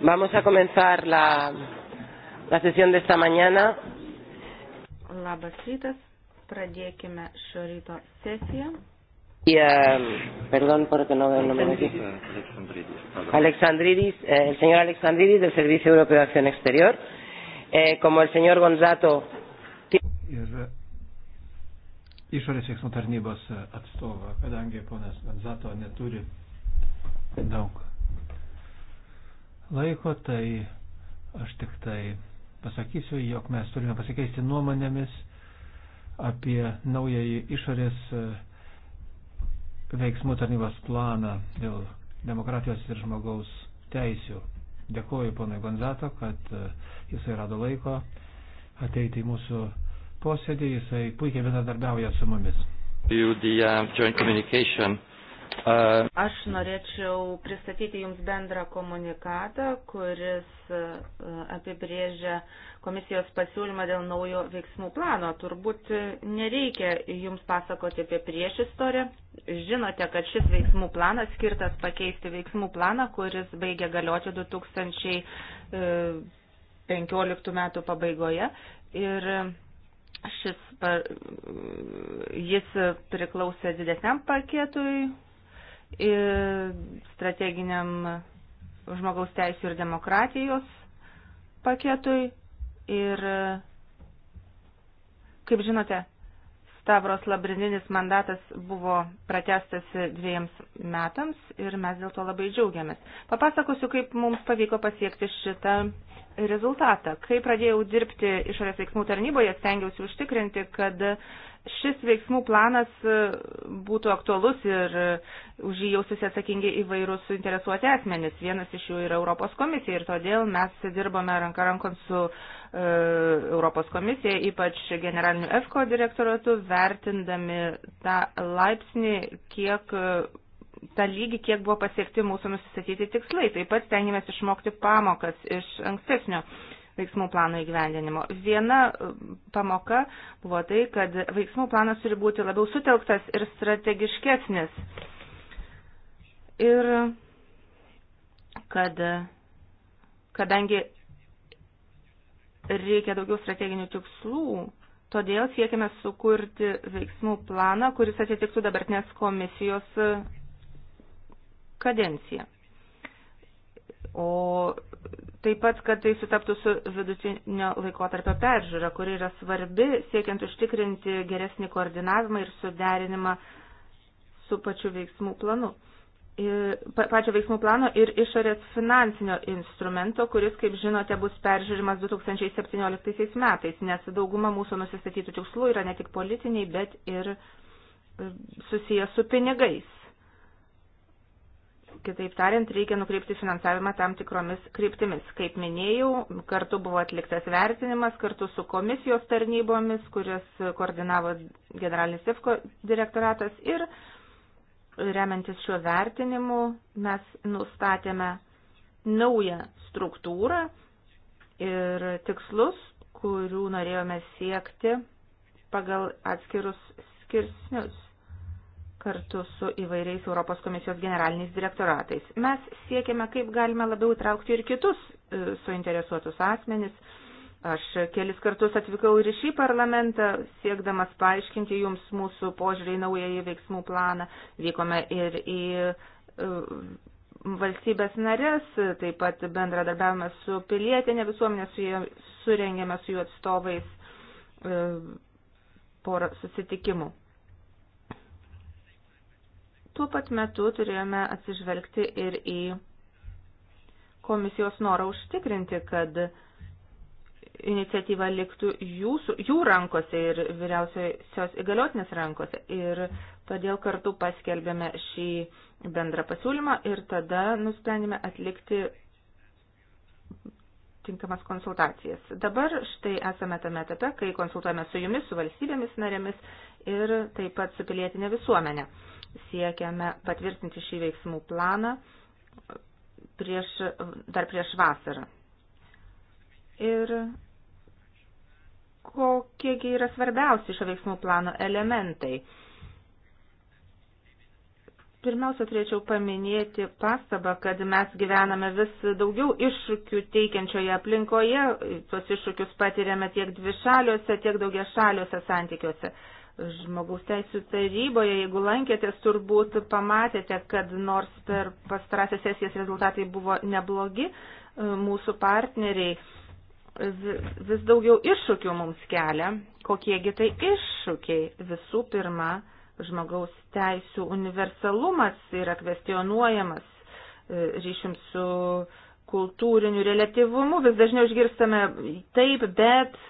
Vamos a comenzar la, la sesión de esta mañana. Labas rytas, pradėkime šio ryto sesiją. Y, uh, perdón porque no veo el nombre aquí. Alexandridis, eh, el señor Alexandridis del Servicio Europeo de Acción Exterior. Eh, como el señor Gonzato. Ir eh, išorės veiksmų tarnybos eh, atstovą, kadangi ponas Gonzato neturi daug laiko, tai aš tik tai pasakysiu, jog mes turime pasikeisti nuomonėmis apie naująjį išorės e, veiksmų tarnybos planą dėl demokratijos ir žmogaus teisių. Dėkuoju ponui Gonzato, kad e, jisai rado laiko ateiti į mūsų posėdį, jisai puikiai bendradarbiauja su mumis. To the, uh, joint communication Aš norėčiau pristatyti Jums bendrą komunikatą, kuris e, apibrėžia komisijos pasiūlymą dėl naujo veiksmų plano. Turbūt nereikia Jums pasakoti apie priešistorę. Žinote, kad šis veiksmų planas skirtas pakeisti veiksmų planą, kuris baigia galioti 2015 e, metų pabaigoje. Ir e, Šis, jis priklausė didesniam paketui strateginiam žmogaus teisų ir demokratijos paketui. Ir, kaip žinote, Stavros labrininis mandatas buvo pratestas dviejams metams ir mes dėl to labai džiaugiamės. Papasakosiu, kaip mums pavyko pasiekti šitą rezultatą. Kai pradėjau dirbti išorės veiksmų tarnyboje, stengiausi užtikrinti, kad šis veiksmų planas e, būtų aktualus ir e, už jį jaustusi atsakingi įvairūs suinteresuoti asmenys. Vienas iš jų yra Europos komisija ir todėl mes dirbome ranka rankon su e, Europos komisija, ypač generaliniu EFKO direktoratu, vertindami tą laipsnį, kiek tą lygį, kiek buvo pasiekti mūsų nusistatyti tikslai. Taip pat stengiamės išmokti pamokas iš ankstesnio veiksmų plano įgyvendinimo. Viena e, pamoka buvo tai, kad veiksmų planas turi būti labiau sutelktas ir strategiškesnis. Ir kad, kadangi reikia daugiau strateginių tikslų, todėl siekime sukurti veiksmų planą, kuris atitiktų dabartinės komisijos kadenciją. O taip pat, kad tai sutaptų su vidutinio laikotarpio peržiūra, kuri yra svarbi, siekiant užtikrinti geresnį koordinavimą ir suderinimą su pačiu veiksmų planu. Ir, pačio veiksmų plano ir išorės finansinio instrumento, kuris, kaip žinote, bus peržiūrimas 2017 metais, nes dauguma mūsų nusistatytų tikslų yra ne tik politiniai, bet ir e, susijęs su pinigais. Kitaip tariant, reikia nukreipti finansavimą tam tikromis kryptimis. Kaip minėjau, kartu buvo atliktas vertinimas kartu su komisijos tarnybomis, kurias koordinavo generalinis IFKO direktoratas ir remiantis šiuo vertinimu mes nustatėme naują struktūrą ir tikslus, kurių norėjome siekti pagal atskirus skirsnius kartu su įvairiais Europos komisijos generaliniais direktoratais. Mes siekiame, kaip galime labiau įtraukti ir kitus e, suinteresuotus asmenis. Aš kelis kartus atvykau ir į šį parlamentą, siekdamas paaiškinti jums mūsų požiūrį į naująjį veiksmų planą. Vykome ir į e, valstybės narės, taip pat bendradarbiavome su pilietinė visuomenė, su jie, surengėme su jų atstovais e, porą susitikimų. Tuo pat metu turėjome atsižvelgti ir į komisijos norą užtikrinti, kad iniciatyva liktų jūsų, jų rankose ir vyriausiosios įgaliotinės rankose. Ir todėl kartu paskelbėme šį bendrą pasiūlymą ir tada nusprendėme atlikti tinkamas konsultacijas. Dabar štai esame tame etape, kai konsultuojame su jumis, su valstybėmis narėmis ir taip pat su pilietinė visuomenė siekiame patvirtinti šį veiksmų planą prieš, dar prieš vasarą. Ir kokiegi yra svarbiausi šio veiksmų plano elementai? Pirmiausia, turėčiau paminėti pastabą, kad mes gyvename vis daugiau iššūkių teikiančioje aplinkoje. Tuos iššūkius patiriame tiek dvišaliuose, tiek daugiašaliuose santykiuose. Žmogaus teisų taryboje, jeigu lankėtės, turbūt pamatėte, kad nors per pastarąsias sesijas rezultatai buvo neblogi, e, mūsų partneriai vis daugiau iššūkių mums kelia. Kokiegi tai iššūkiai? Visų pirma, žmogaus teisų universalumas yra kvestionuojamas e, ryšim su kultūriniu relativumu. Vis dažniau išgirstame taip, bet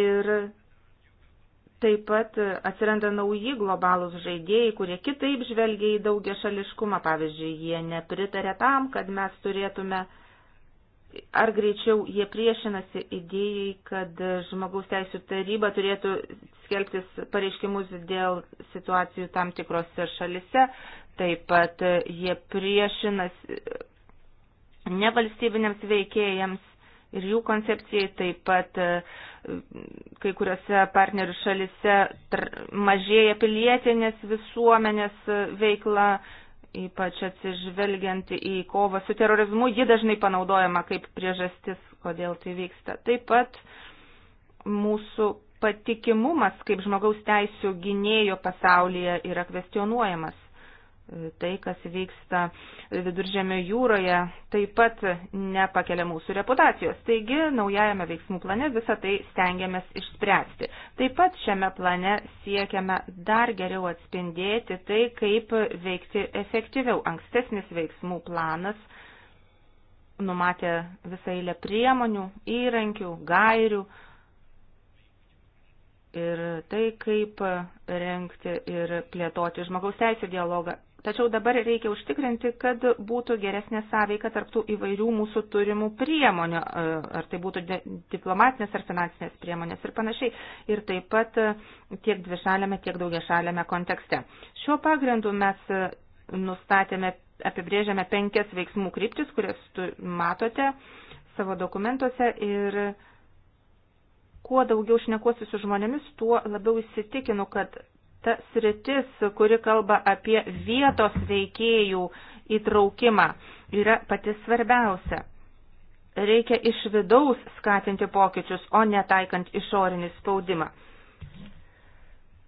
ir Taip pat e, atsiranda nauji globalūs žaidėjai, kurie kitaip žvelgia į daugia šališkumą. Pavyzdžiui, jie nepritarė tam, kad mes turėtume, ar greičiau jie priešinasi idėjai, kad žmogaus teisų taryba turėtų skelbtis pareiškimus dėl situacijų tam tikrose šalise. Taip pat e, jie priešinasi e, nevalstybinėms veikėjams ir jų koncepcijai, taip pat e, kai kuriuose partnerių šalise mažėja pilietinės visuomenės e, veikla, ypač atsižvelgiant į kovą su terorizmu, ji dažnai panaudojama kaip priežastis, kodėl tai vyksta. Taip pat mūsų patikimumas kaip žmogaus teisų gynėjo pasaulyje yra kvestionuojamas tai, kas vyksta viduržėmio jūroje, taip pat nepakelia mūsų reputacijos. Taigi, naujajame veiksmų plane visą tai stengiamės išspręsti. Taip pat šiame plane siekiame dar geriau atspindėti tai, kaip veikti efektyviau. Ankstesnis veiksmų planas numatė visą eilę priemonių, įrankių, gairių, ir tai, kaip rengti ir plėtoti žmogaus teisų dialogą Tačiau dabar reikia užtikrinti, kad būtų geresnė sąveika tarptų įvairių mūsų turimų priemonių, e, ar tai būtų diplomatinės ar finansinės priemonės ir panašiai, ir taip pat e, tiek dvišalėme, tiek daugiašalėme kontekste. Šiuo pagrindu mes e, nustatėme, apibrėžėme penkias veiksmų kryptis, kurias matote savo dokumentuose ir kuo daugiau šnekuosi su žmonėmis, tuo labiau įsitikinu, kad ta sritis, kuri kalba apie vietos veikėjų įtraukimą, yra pati svarbiausia. Reikia iš vidaus skatinti pokyčius, o netaikant išorinį spaudimą.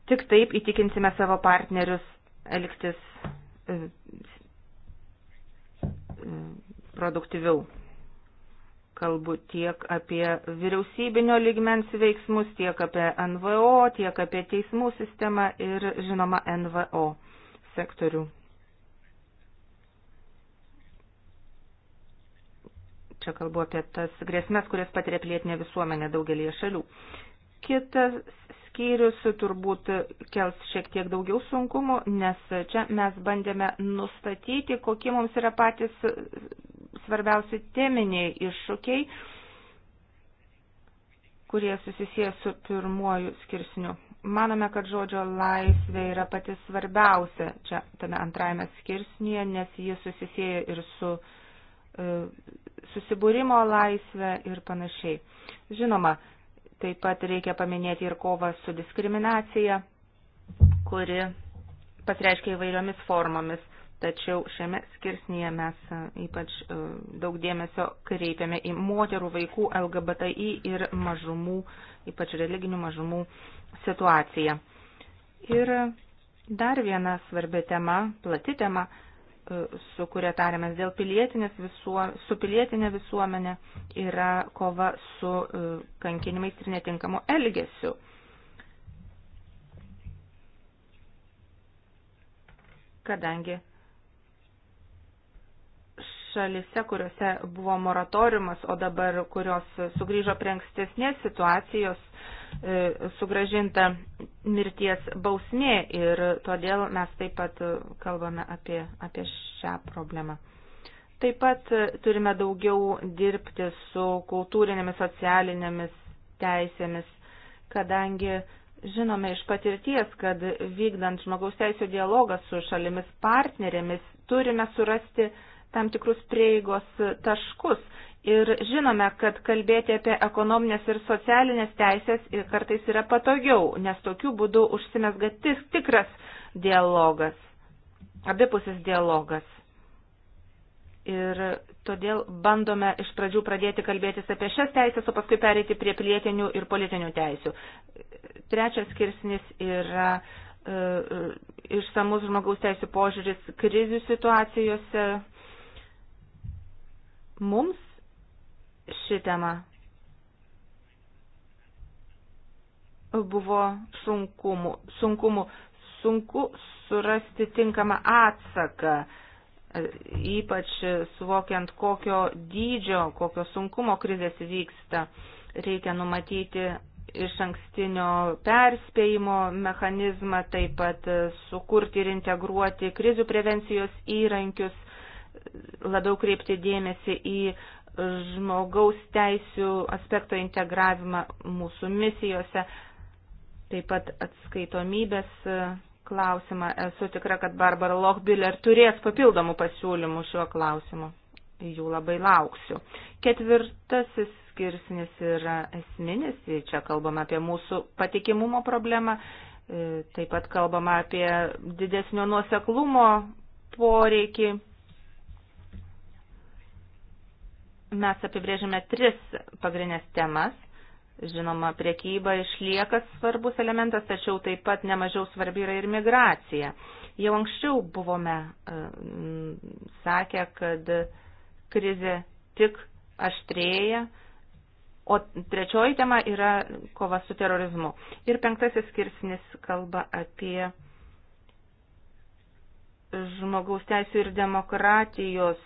Tik taip įtikinsime savo partnerius elgtis e, e, produktyviau kalbu tiek apie vyriausybinio lygmens veiksmus, tiek apie NVO, tiek apie teismų sistemą ir, žinoma, NVO sektorių. Čia kalbu apie tas grėsmės, kurias patiria plėtinė visuomenė daugelį šalių. Kitas skyrius turbūt kels šiek tiek daugiau sunkumų, nes čia mes bandėme nustatyti, kokie mums yra patys svarbiausi teminiai iššūkiai, kurie susisieja su pirmuoju skirsniu. Manome, kad žodžio laisvė yra pati svarbiausia čia tame antrajame skirsnyje, nes ji susisieja ir su e, susibūrimo laisvė ir panašiai. Žinoma, taip pat reikia paminėti ir kovą su diskriminacija, kuri pasireiškia įvairiomis formomis. Tačiau šiame skirsnyje mes e, ypač e, daug dėmesio kreipiame į moterų, vaikų, LGBTI ir mažumų, ypač religinių mažumų situaciją. Ir dar viena svarbi tema, plati tema, e, su kuria tarėmės dėl pilietinės visuo, su pilietinė visuomenė, yra kova su kankinimais ir netinkamu elgesiu. Kadangi šalise, kuriuose buvo moratoriumas, o dabar kurios sugrįžo prie ankstesnės situacijos, e, sugražinta mirties bausmė ir todėl mes taip pat kalbame apie, apie šią problemą. Taip pat turime daugiau dirbti su kultūrinėmis, socialinėmis teisėmis, kadangi žinome iš patirties, kad vykdant žmogaus teisų dialogą su šalimis partnerėmis turime surasti tam tikrus prieigos taškus. Ir žinome, kad kalbėti apie ekonominės ir socialinės teisės kartais yra patogiau, nes tokiu būdu užsimesga tikras dialogas, abipusis dialogas. Ir todėl bandome iš pradžių pradėti kalbėtis apie šias teisės, o paskui pereiti prie pilietinių ir politinių teisių. Trečias skirsnis yra e, e išsamus žmogaus teisų požiūris krizių situacijose, Mums ši tema buvo sunkumų, sunkumų, sunku surasti tinkamą atsaką, ypač suvokiant, kokio dydžio, kokio sunkumo krizės vyksta. Reikia numatyti iš ankstinio perspėjimo mechanizmą, taip pat sukurti ir integruoti krizių prevencijos įrankius labiau kreipti dėmesį į žmogaus teisių aspekto integravimą mūsų misijose, taip pat atskaitomybės klausimą. Esu tikra, kad Barbara Lochbiller turės papildomų pasiūlymų šiuo klausimu. Jų labai lauksiu. Ketvirtasis skirsnis yra esminis, čia kalbame apie mūsų patikimumo problemą, e, taip pat kalbame apie didesnio nuoseklumo poreikį mes apibrėžėme tris pagrindinės temas. Žinoma, priekyba išlieka svarbus elementas, tačiau taip pat nemažiau svarbi yra ir migracija. Jau anksčiau buvome e, sakę, kad krizė tik aštrėja, o trečioji tema yra kova su terorizmu. Ir penktasis skirsnis kalba apie žmogaus teisų ir demokratijos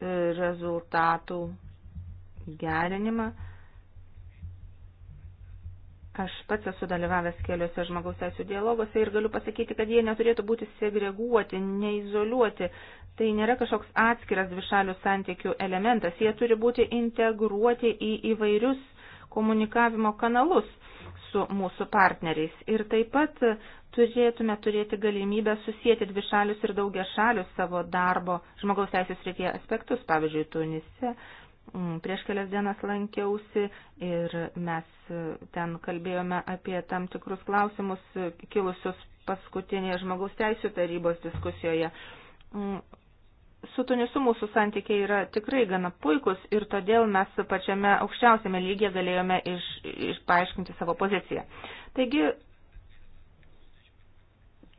rezultatų gerinimą. Aš pats esu dalyvavęs keliuose žmogaus teisų dialoguose ir galiu pasakyti, kad jie neturėtų būti segreguoti, neizoliuoti. Tai nėra kažkoks atskiras dvišalių santykių elementas. Jie turi būti integruoti į įvairius komunikavimo kanalus su mūsų partneriais. Ir taip pat turėtume turėti galimybę susijęti dvišalius ir daugia šalius savo darbo žmogaus teisės reikia aspektus. Pavyzdžiui, Tunise mm, prieš kelias dienas lankiausi ir mes e, ten kalbėjome apie tam tikrus klausimus kilusius paskutinėje žmogaus teisų tarybos diskusijoje. Mm, su Tunisu mūsų santykiai yra tikrai gana puikus ir todėl mes pačiame aukščiausiame lygyje galėjome iš, iš paaiškinti savo poziciją. Taigi,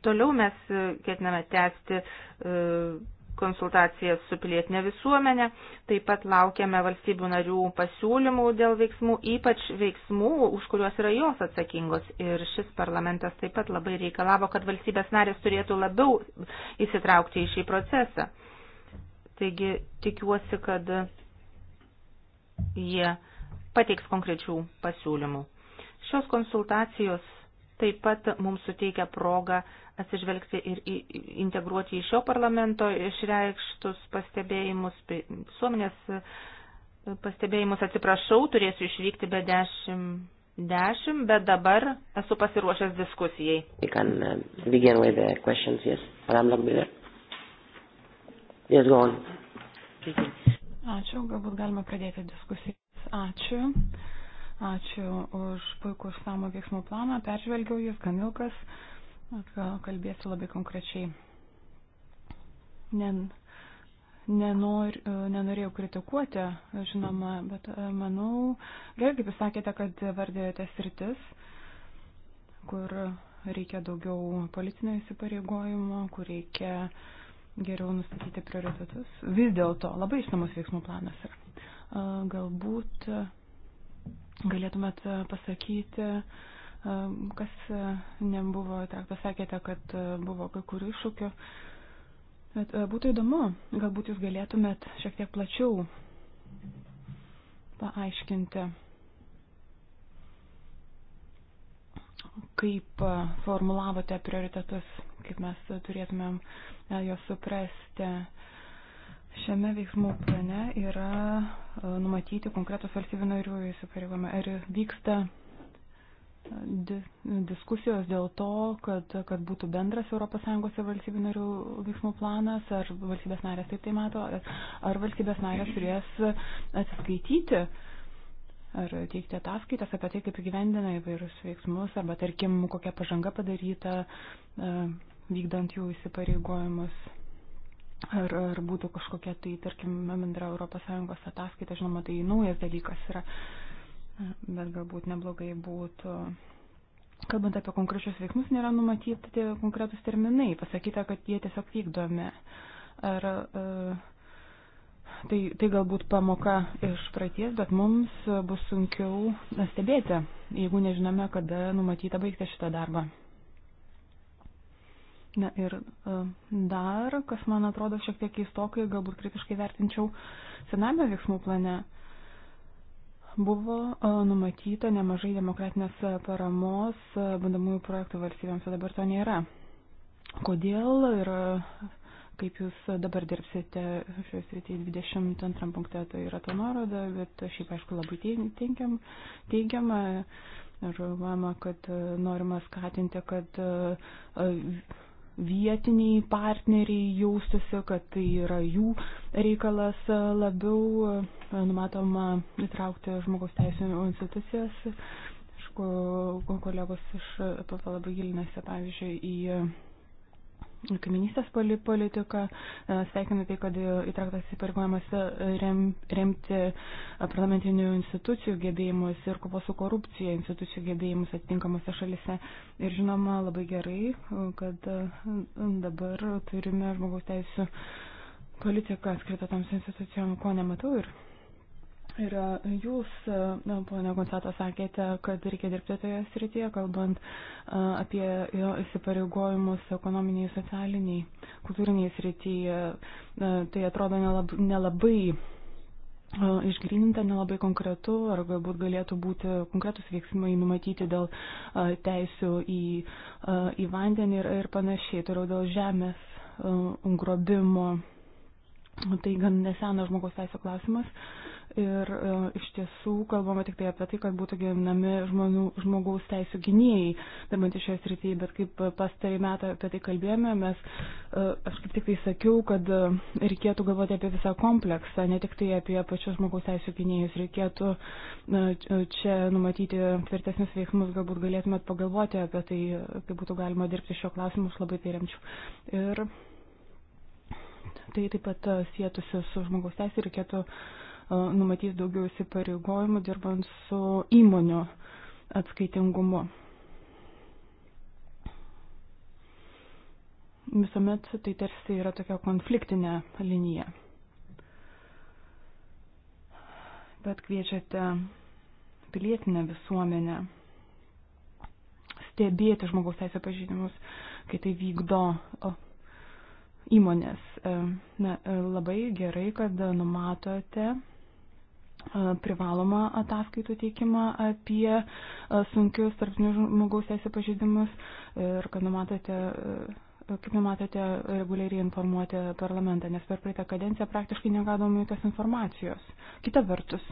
toliau mes ketiname tęsti e, konsultacijas su pilietinė visuomenė, taip pat laukiame valstybių narių pasiūlymų dėl veiksmų, ypač veiksmų, už kuriuos yra jos atsakingos. Ir šis parlamentas taip pat labai reikalavo, kad valstybės narės turėtų labiau įsitraukti į šį procesą. Taigi tikiuosi, kad jie pateiks konkrečių pasiūlymų. Šios konsultacijos taip pat mums suteikia progą atsižvelgti ir į, integruoti į šio parlamento išreikštus pastebėjimus, suomenės pastebėjimus, atsiprašau, turėsiu išvykti be dešimt, dešimt, bet dabar esu pasiruošęs diskusijai. We can, uh, is gone. Ačiū, galbūt galima pradėti diskusijas. Ačiū. Ačiū už puikų išsamų veiksmų planą. Peržvelgiau jis gan ilgas. Kalbėsiu labai konkrečiai. Nen, nenor, nenorėjau kritikuoti, žinoma, bet e, manau, gerai, kaip jūs sakėte, kad vardėjote sritis, kur reikia daugiau politinio įsipareigojimo, kur reikia uh, geriau nustatyti prioritetus. Vis dėlto labai išsamus veiksmų planas yra. Galbūt galėtumėt pasakyti, kas nebuvo traktas, sakėte, kad buvo kai kurių iššūkių. Bet būtų įdomu, galbūt jūs galėtumėt šiek tiek plačiau paaiškinti, kaip formulavote prioritetus, kaip mes turėtumėm uh, juos suprasti. Šiame veiksmų plane yra e, numatyti konkretus valstybių narių įsipareigojimai. Ar vyksta e, di diskusijos dėl to, kad, kad būtų bendras ES ir valstybių narių veiksmų planas, ar valstybės narės taip tai mato, ar valstybės narės turės atsiskaityti ar teikti ataskaitas apie tai, kaip įgyvendina įvairius veiksmus, arba tarkim, kokia pažanga padaryta. Uh, vykdant jų įsipareigojimus. Ar, ar būtų kažkokia tai, tarkim, bendra ES ataskaita, žinoma, tai naujas dalykas yra, bet galbūt neblogai būtų kalbant apie konkrečius veiksmus, nėra numatyti konkretus terminai, pasakyta, kad jie tiesiog vykdomi. Ar e, tai, tai galbūt pamoka iš praeities, bet mums bus sunkiau stebėti, jeigu nežinome, kada numatyta baigti šitą darbą. Na ir e, dar, kas man atrodo šiek tiek keistokai, galbūt kritiškai vertinčiau sename veiksmų plane, buvo e, numatyta nemažai demokratinės paramos e, bandamųjų projektų valstybėms, o dabar to nėra. Kodėl ir kaip jūs dabar dirbsite šioje srityje 22 punkte, tai yra to nuoroda, bet šiaip aišku labai teigiam, teigiama. Ir manoma, kad norima skatinti, kad vietiniai partneriai jaustusi, kad tai yra jų reikalas labiau, e, numatoma įtraukti žmogaus teisų institucijas. Aišku, kolegos iš PP labai gilinasi, pavyzdžiui, į kaiminystės politiką. E, sveikinu tai, kad įtraktas įpareigojimas remti parlamentinių institucijų gebėjimus ir kovos su korupcija institucijų gebėjimus atitinkamose šalise. Ir žinoma, labai gerai, kad e, dabar turime žmogaus teisų politiką skirtą toms institucijom, ko nematau ir Ir e, jūs, e, ponia Gonsato, sakėte, kad reikia dirbti toje srityje, kalbant e, apie įsipareigojimus ekonominiai, socialiniai, kultūriniai srityje. Tai atrodo nelabai, nelabai išgrininta, nelabai konkretu, ar galbūt galėtų būti konkretus veiksmai numatyti dėl teisų į, į vandenį ir, ir panašiai, toliau dėl žemės grobimo. Tai gan nesenas žmogaus teisų klausimas. Uh, Ir e, iš tiesų kalbama tik tai apie tai, kad būtų gyvenami žmonių, žmogaus teisų gynėjai, darbant iš šios rytyje, bet kaip pastarį metą apie tai kalbėjome, mes, e, aš kaip tik tai sakiau, kad e, reikėtų galvoti apie visą kompleksą, ne tik tai apie pačios žmogaus teisų gynėjus, reikėtų e, čia numatyti tvirtesnius veiksmus, galbūt galėtumėt pagalvoti apie tai, kaip būtų galima dirbti šio klausimu, aš labai tai remčiau. Ir tai taip pat e, sėtusi su žmogaus teisė reikėtų numatys daugiau įsipareigojimų dirbant su įmonių atskaitingumu. Visuomet tai tarsi yra tokia konfliktinė linija. Bet kviečiate pilietinę visuomenę stebėti žmogaus teisė pažydimus, kai tai vykdo o, įmonės. E, na, e, labai gerai, kad numatote privalomą ataskaitų teikimą apie sunkius tarptautinių žmogaus teisų pažeidimus ir kad numatote kaip numatote reguliariai informuoti parlamentą, nes per praeitą kadenciją praktiškai negadom jokios informacijos. Kita vertus,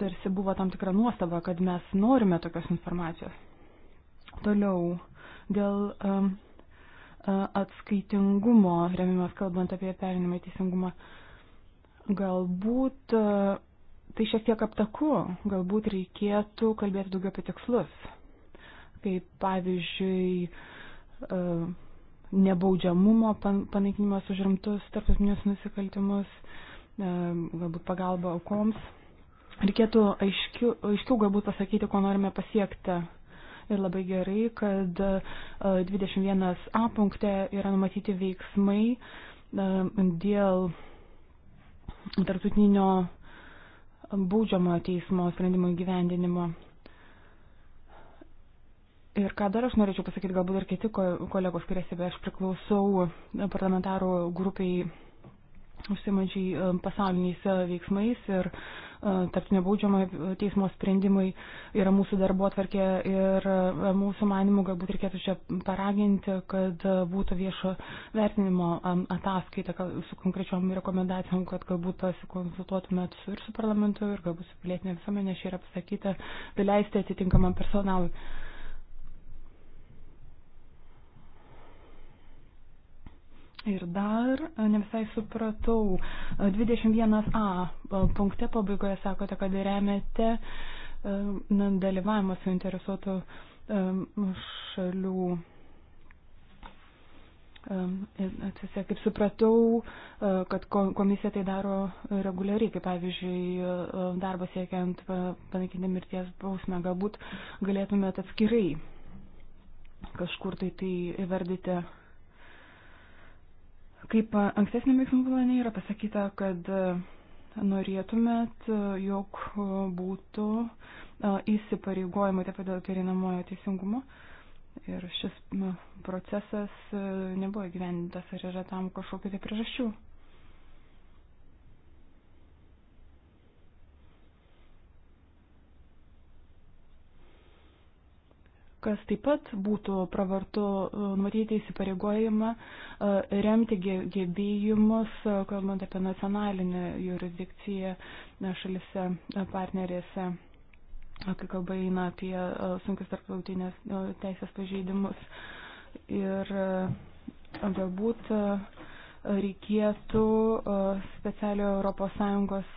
tarsi buvo tam tikra nuostaba, kad mes norime tokios informacijos. Toliau, dėl um, atskaitingumo, remimas kalbant apie perinimą į teisingumą, uh, Galbūt e, tai šiek tiek aptaku, galbūt reikėtų kalbėti daugiau apie tikslus, kaip pavyzdžiui e, nebaudžiamumo panaikinimas už rimtus tarptautinius nusikaltimus, e, galbūt pagalba aukoms. Reikėtų aiškiau, aiškiau galbūt pasakyti, ko norime pasiekti ir labai gerai, kad 21a punkte yra numatyti veiksmai dėl tarptautinio baudžiamojo teismo sprendimo įgyvendinimo. Ir ką dar aš norėčiau pasakyti, galbūt ir kiti kolegos skiriasi, bet aš priklausau parlamentarų grupiai užsimančiai e, pasauliniais e, veiksmais ir e, tarptinio baudžiamo teismo sprendimai yra mūsų darbo atvarkė ir mūsų manimų galbūt reikėtų čia paraginti, kad būtų viešo vertinimo ataskaita su konkrečiom rekomendacijom, kad galbūt pasikonsultuotumėt su ir su parlamentu, ir galbūt su pilietinė visuomenė, čia yra pasakyta, tai leisti atitinkamam personalui. Ir dar e, ne visai supratau, 21a e, e, punkte pabaigoje sakote, kad remiate dalyvavimą suinteresuotų šalių. Atsisė, kaip supratau, kad komisija tai daro reguliariai, kaip pavyzdžiui, darbą siekiant panaikinti mirties bausmę, galbūt galėtumėt atskirai kažkur tai tai įvardyti Kaip ankstesnė veiksmų planė yra pasakyta, kad e, norėtumėt, e, jog būtų e, įsipareigojimai taip pat dėl perinamojo teisingumo. Ir šis procesas nebuvo gyvendintas, ar yra tam kažkokiu tai priežasčiu? kas taip pat būtų pravartu e, numatyti įsipareigojimą e, remti gebėjimus, e, kalbant apie nacionalinę jurisdikciją šalise partnerėse, kai kalba eina apie sunkius tarptautinės teisės pažeidimus. Ir galbūt reikėtų specialio ES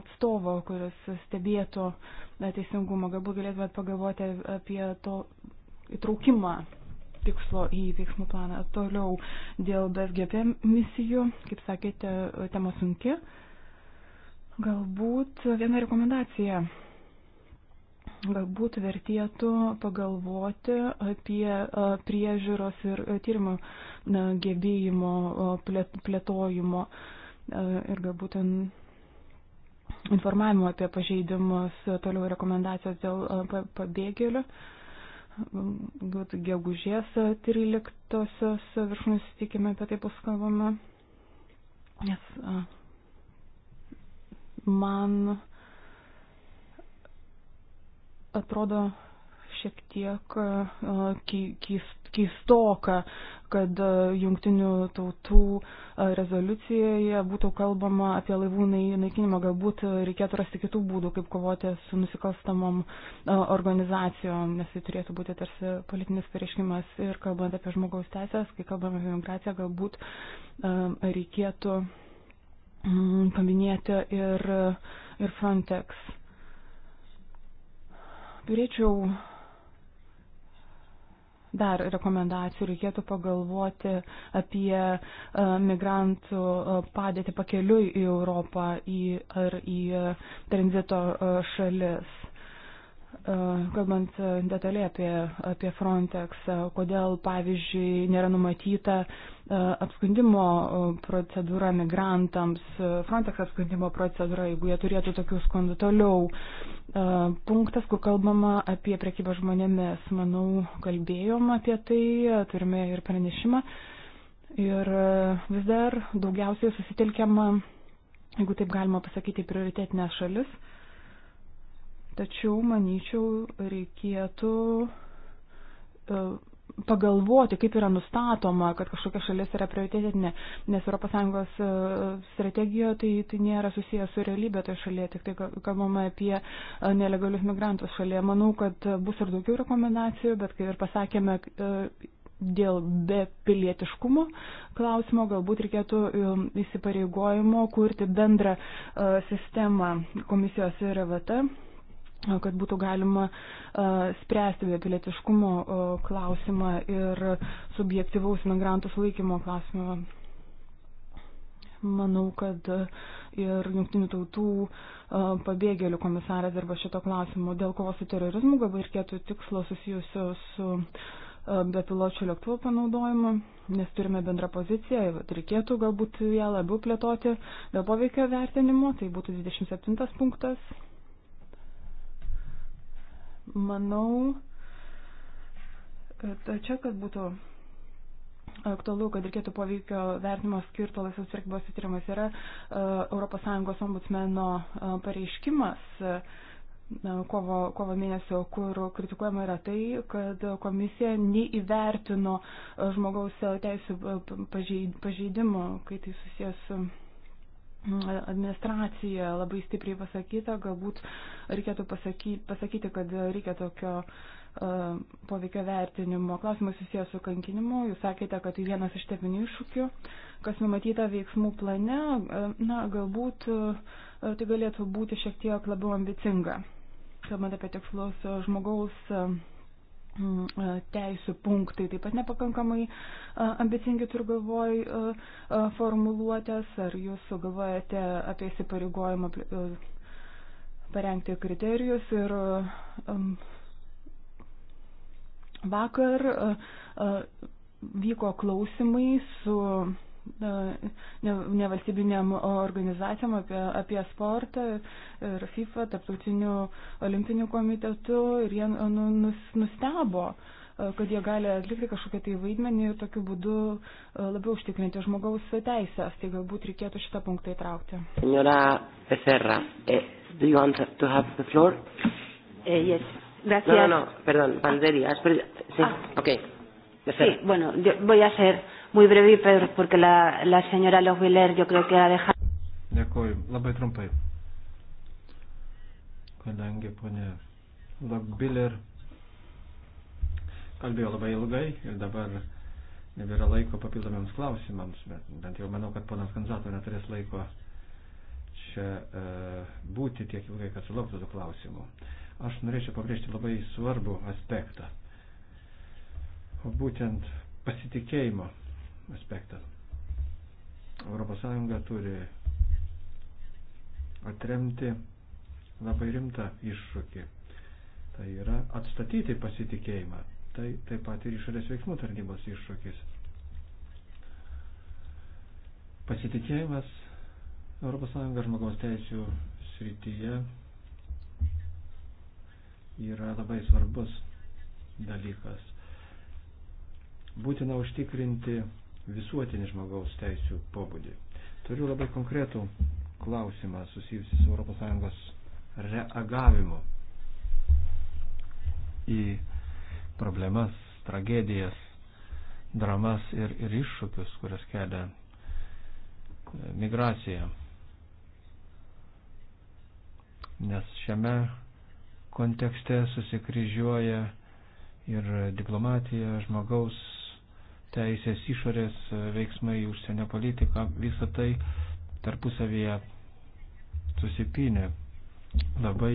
atstovo, kuris stebėtų uh, teisingumo. Galbūt galėtumėt pagalvoti apie to įtraukimą tikslo į veiksmų planą. Toliau dėl BSGP misijų, kaip sakėte, tema sunki. Galbūt viena rekomendacija. Galbūt vertėtų pagalvoti apie e, priežiūros ir e, tyrimo gebėjimo e, plėtojimo ir galbūt ten informavimo apie pažeidimus, toliau rekomendacijos dėl e, pabėgėlių. Gegužės 13-osios viršūnės susitikime apie tai bus kalbama. Nes e, man atrodo šiek tiek e, keistoka kad e, jungtinių tautų e, rezoliucijoje būtų kalbama apie laivų naikinimą. Galbūt e, reikėtų rasti kitų būdų, kaip kovoti su nusikalstamom organizacijom, nes tai turėtų būti tarsi politinis pareiškimas. Ir kalbant apie žmogaus teisės, kai kalbame apie migraciją, galbūt reikėtų mm, paminėti ir, ir Frontex. Turėčiau dar rekomendacijų reikėtų pagalvoti apie e, migrantų e, padėtį pakeliui į Europą į, ar į tranzito e, šalis. Kalbant detaliai apie, apie Frontex, kodėl, pavyzdžiui, nėra numatyta uh, apskundimo e, procedūra migrantams, e, Frontex apskundimo procedūra, jeigu jie turėtų tokių skundų toliau. E, punktas, kur kalbama apie prekybą žmonėmis, manau, kalbėjom apie tai, turime ir pranešimą. Ir vis dar daugiausiai susitelkiama, jeigu taip galima pasakyti, prioritetinės šalis. Tačiau, manyčiau, reikėtų pagalvoti, kaip yra nustatoma, kad kažkokia šalis yra prioritetinė, nes ES e, strategijoje tai, tai nėra susijęs su realybė toje tai šalyje, tik tai kalbama apie e, nelegalius migrantus šalyje. Manau, kad bus ir daugiau rekomendacijų, bet kaip ir pasakėme, e, dėl be pilietiškumo klausimo galbūt reikėtų įsipareigojimo kurti bendrą sistemą komisijos ir VT kad būtų galima e, spręsti bepilietiškumo e, klausimą ir subjektivaus migrantų sulaikymo klausimą. Manau, kad ir jungtinių tautų e, pabėgėlių komisaras dirba šito klausimu. Dėl kovos su terorizmu gaba reikėtų tikslo susijusio su bepiločių lėktuvų panaudojimu, nes turime bendrą poziciją, reikėtų galbūt ją labiau plėtoti dėl poveikio vertinimo, tai būtų 27 punktas Manau, kad e, čia, kad būtų aktualu, kad reikėtų poveikio vertinimo skirto laisvos prekybos sutarimas, yra ES ombudsmeno e, pareiškimas e, kovo, kovo mėnesio, kur kritikuojama yra tai, kad komisija neįvertino žmogaus teisų pažeidimo, kai tai susijęs su administracija labai stipriai pasakyta, galbūt reikėtų pasakyti, pasakyti kad reikia tokio uh, poveikio vertinimo. Klausimai susijęs su kankinimu, jūs sakėte, kad tai vienas iš tepinių iššūkių, kas numatyta veiksmų plane, e, na, galbūt uh, tai galėtų būti šiek tiek labiau ambicinga, kalbant apie tikslus žmogaus uh, teisų punktai, taip pat nepakankamai ambicingi turiu galvoj formuluotės, ar jūs galvojate apie įsipareigojimą parengti kriterijus ir vakar vyko klausimai su nevalstybinėm organizacijom apie, apie sportą ir FIFA, Tarptautiniu olimpiniu komitetu ir jie nu, nus, nustebo kad jie gali atlikti kažkokią tai vaidmenį ir tokiu būdu e, labiau užtikrinti žmogaus teisės. Tai galbūt reikėtų šitą punktą įtraukti. Senora Becerra, eh, do you want to have the floor? Eh, yes. Gracias. No, no, no, perdón, Valderi. Has... Sí, ah. ok. Becerra. Sí, bueno, yo voy a ser. Hacer muy breve pero porque la, la señora Lochwiller yo creo que ha dejado. Dėkuoju, labai trumpai. Kadangi ponė Lochbiller kalbėjo labai ilgai ir dabar nebėra laiko papildomiams klausimams, bet bent jau manau, kad ponas Kanzato neturės laiko čia e, būti tiek ilgai, kad sulauktų tų klausimų. Aš norėčiau pabrėžti labai svarbų aspektą, o būtent pasitikėjimo aspektas. ES turi atremti labai rimtą iššūkį. Tai yra atstatyti pasitikėjimą. Tai taip pat ir išorės veiksmų tarnybos iššūkis. Pasitikėjimas ES žmogaus teisų srityje yra labai svarbus dalykas. Būtina užtikrinti visuotinį žmogaus teisų pobūdį. Turiu labai konkretų klausimą susijusi su ES reagavimu į problemas, tragedijas, dramas ir, ir iššūkius, kurias kelia e, migracija. Nes šiame kontekste susikryžiuoja ir diplomatija, žmogaus teisės išorės veiksmai, užsienio politika, visa tai tarpusavėje susipinė. Labai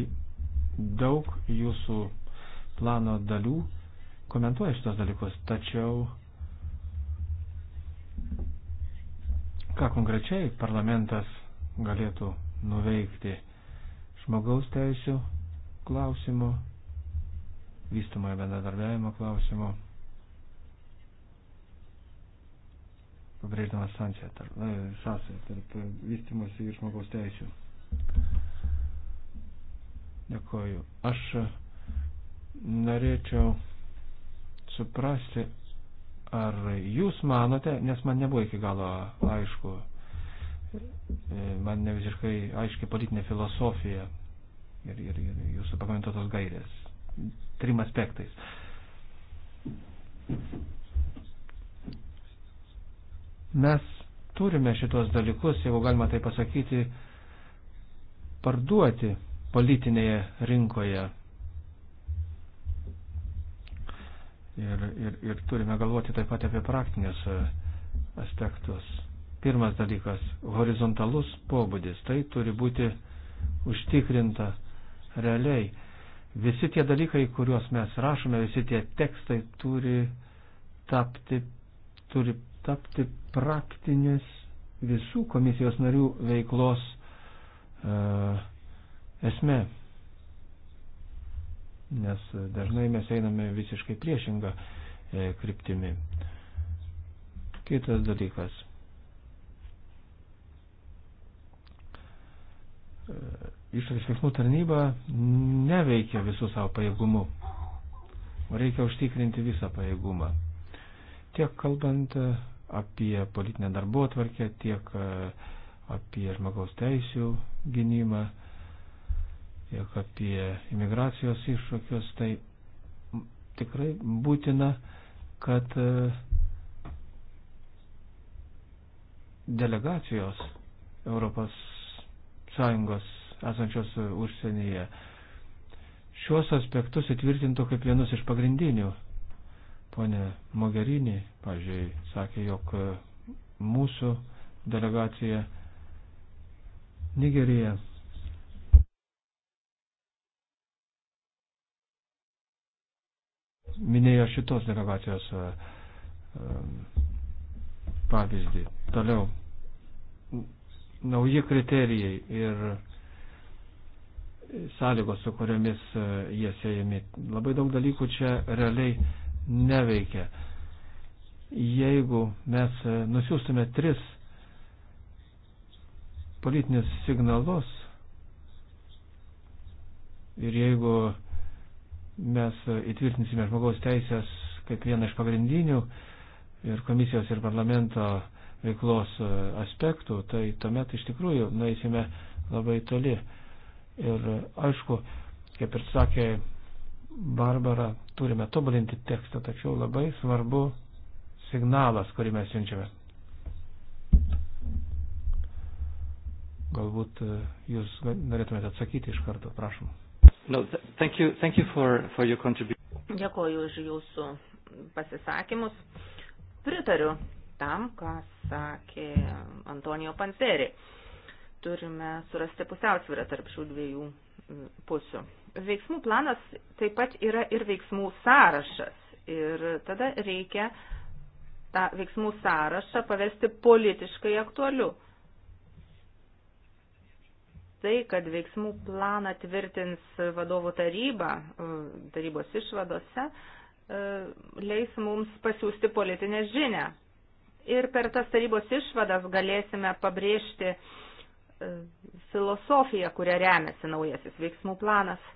daug jūsų plano dalių komentuoja šitos dalykus, tačiau ką konkrečiai parlamentas galėtų nuveikti žmogaus teisų klausimu, vystumojo bendradarbiavimo klausimu. pabrėždamas e, sąsąją tarp, sąsąją e, tarp vystimosi ir žmogaus teisų. Dėkoju. Aš e, norėčiau suprasti, ar jūs manote, nes man nebuvo iki galo aišku, man ne visiškai aiški politinė filosofija ir, ir, ir jūsų pakomentuotos gairės trim aspektais. Mes turime šitos dalykus, jeigu galima tai pasakyti, parduoti politinėje rinkoje. Ir, ir, ir turime galvoti taip pat apie praktinius e, aspektus. Pirmas dalykas - horizontalus pobūdis. Tai turi būti užtikrinta realiai. Visi tie dalykai, kuriuos mes rašome, visi tie tekstai turi tapti, turi tapti praktinės visų komisijos narių veiklos uh, esme. Nes dažnai mes einame visiškai priešingą e, kryptimi. Kitas dalykas. E, išorės veiksmų tarnyba neveikia visų savo pajėgumu. Reikia užtikrinti visą pajėgumą. Tiek kalbant e, apie politinę darbo atvarkę, tiek e, apie žmogaus teisų gynimą, tiek apie imigracijos iššūkius, tai tikrai būtina, kad e, delegacijos Europos Sąjungos esančios užsienyje šios aspektus įtvirtintų kaip vienus iš pagrindinių Pone Mogherini, pažiūrėjai, sakė, jog e, mūsų delegacija Nigerija minėjo šitos delegacijos e, e, pavyzdį. Toliau, nauji kriterijai ir sąlygos, su kuriomis jie siejami. Labai daug dalykų čia realiai neveikia. Jeigu mes e, nusiųstume tris politinius signalus ir jeigu mes e, įtvirtinsime žmogaus teisės kaip vieną iš pagrindinių ir komisijos ir parlamento veiklos e, aspektų, tai tuomet iš tikrųjų nueisime labai toli. Ir aišku, kaip ir sakė Barbara, turime tobulinti tekstą, tačiau labai svarbu signalas, kurį mes siunčiame. Galbūt e, jūs norėtumėte atsakyti iš karto, prašom. No, thank you, thank you for, for your Dėkoju už jūsų pasisakymus. Pritariu tam, ką sakė Antonijo Panseri. Turime surasti pusiausvyrą tarp šių dviejų pusių. Veiksmų planas taip pat yra ir veiksmų sąrašas. Ir tada reikia tą veiksmų sąrašą paversti politiškai aktualiu. Tai, kad veiksmų planą tvirtins vadovų taryba, tarybos išvadose, e, leis mums pasiūsti politinę žinę. Ir per tas tarybos išvadas galėsime pabrėžti e, filosofiją, kuria remiasi naujasis veiksmų planas –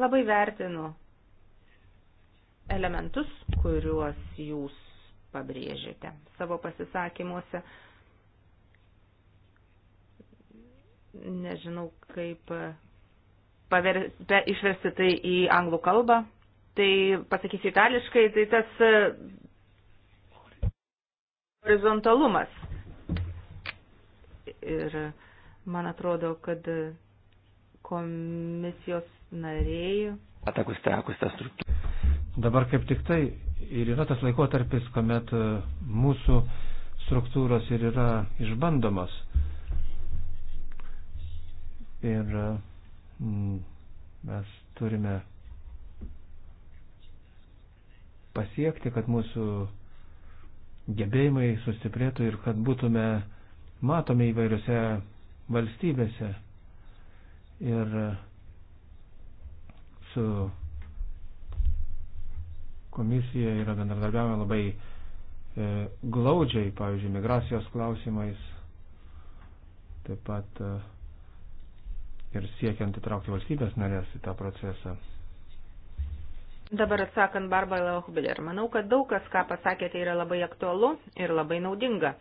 Labai vertinu elementus, kuriuos jūs pabrėžėte savo pasisakymuose. Nežinau, kaip paver, pe, išversti tai į anglų kalbą. Tai pasakysiu itališkai, tai tas e, horizontalumas. Ir man atrodo, kad komisijos nariai. Dabar kaip tik tai ir yra tas laikotarpis, kuomet e, mūsų struktūros ir yra išbandomos. Ir e, mes turime pasiekti, kad mūsų gebėjimai sustiprėtų ir kad būtume matomi įvairiose valstybėse. Ir e, su komisija yra bendradarbiavę labai e, glaudžiai, pavyzdžiui, migracijos klausimais, taip pat e, ir siekiant įtraukti valstybės narės į tą procesą. Dabar atsakant Barbarai Lauchbiller, manau, kad daug kas, ką pasakėte, yra labai aktualu ir labai naudinga.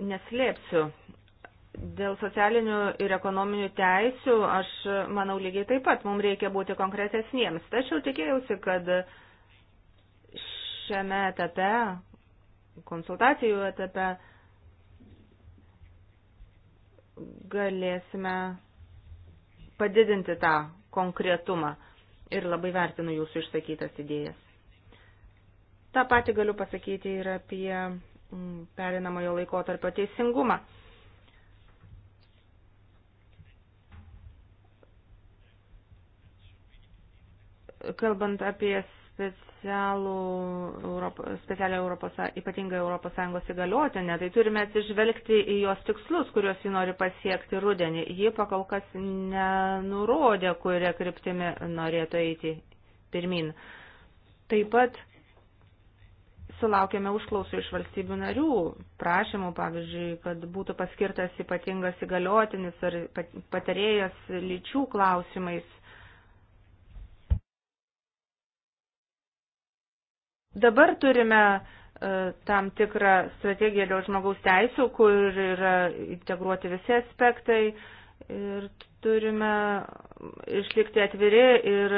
Neslėpsiu, Dėl socialinių ir ekonominių teisių, aš manau lygiai taip pat, mums reikia būti konkretesniems. Tačiau tikėjausi, kad šiame etape, konsultacijų etape, galėsime padidinti tą konkretumą ir labai vertinu jūsų išsakytas idėjas. Ta pati galiu pasakyti ir apie mm, perinamojo laikotarpio teisingumą. kalbant apie specialų Europo, specialią Europos, ypatingą ES įgaliotinę, tai turime atsižvelgti į jos tikslus, kuriuos ji nori pasiekti rudenį. Ji pakol kas nenurodė, kuria kryptimi norėtų eiti pirmin. Taip pat sulaukėme užklausų iš valstybių narių prašymų, pavyzdžiui, kad būtų paskirtas ypatingas įgaliotinis ar patarėjas lyčių klausimais Dabar turime e, tam tikrą strategiją dėl žmogaus teisų, kur yra integruoti visi aspektai ir turime išlikti atviri ir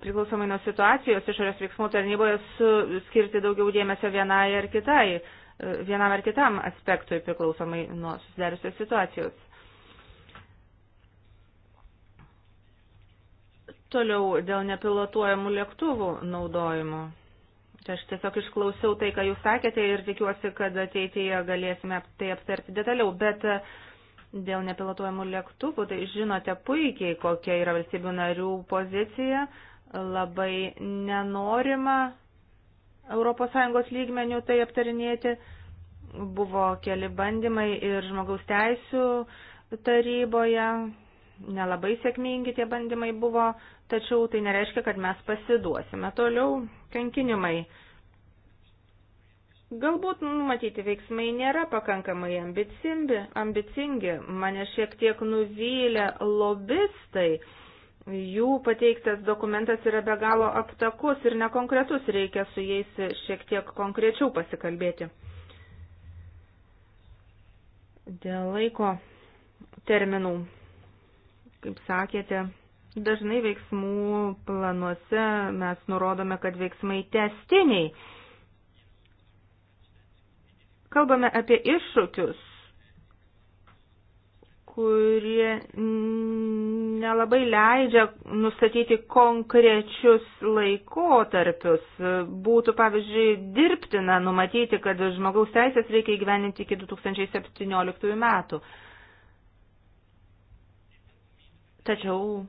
priklausomai nuo situacijos išorės veiksmų tarnyboje su, skirti daugiau dėmesio vienai ar kitai, e, vienam ar kitam aspektui priklausomai nuo susidariusios situacijos. Toliau dėl nepilotuojamų lėktuvų naudojimo. Aš tiesiog išklausiau tai, ką jūs sakėte ir tikiuosi, kad ateityje galėsime tai aptarti detaliau. Bet e, dėl nepilotuojamų lėktuvų, tai žinote puikiai, kokia yra valstybių narių pozicija. Labai nenorima ES lygmenių tai aptarinėti. Buvo keli bandymai ir žmogaus teisų taryboje Nelabai sėkmingi tie bandymai buvo, tačiau tai nereiškia, kad mes pasiduosime. Toliau kankinimai. Galbūt numatyti veiksmai nėra pakankamai ambicingi, ambicingi. mane šiek tiek nuvylė lobistai. Jų pateiktas dokumentas yra be galo aptakus ir nekonkretus, reikia su jais šiek tiek konkrečiau pasikalbėti. Dėl laiko terminų. Kaip sakėte, dažnai veiksmų planuose mes nurodome, kad veiksmai testiniai. Kalbame apie iššūkius, kurie nelabai leidžia nustatyti konkrečius laikotarpius. Būtų, pavyzdžiui, dirbtina numatyti, kad žmogaus teisės reikia įgyveninti iki 2017 metų. Tačiau,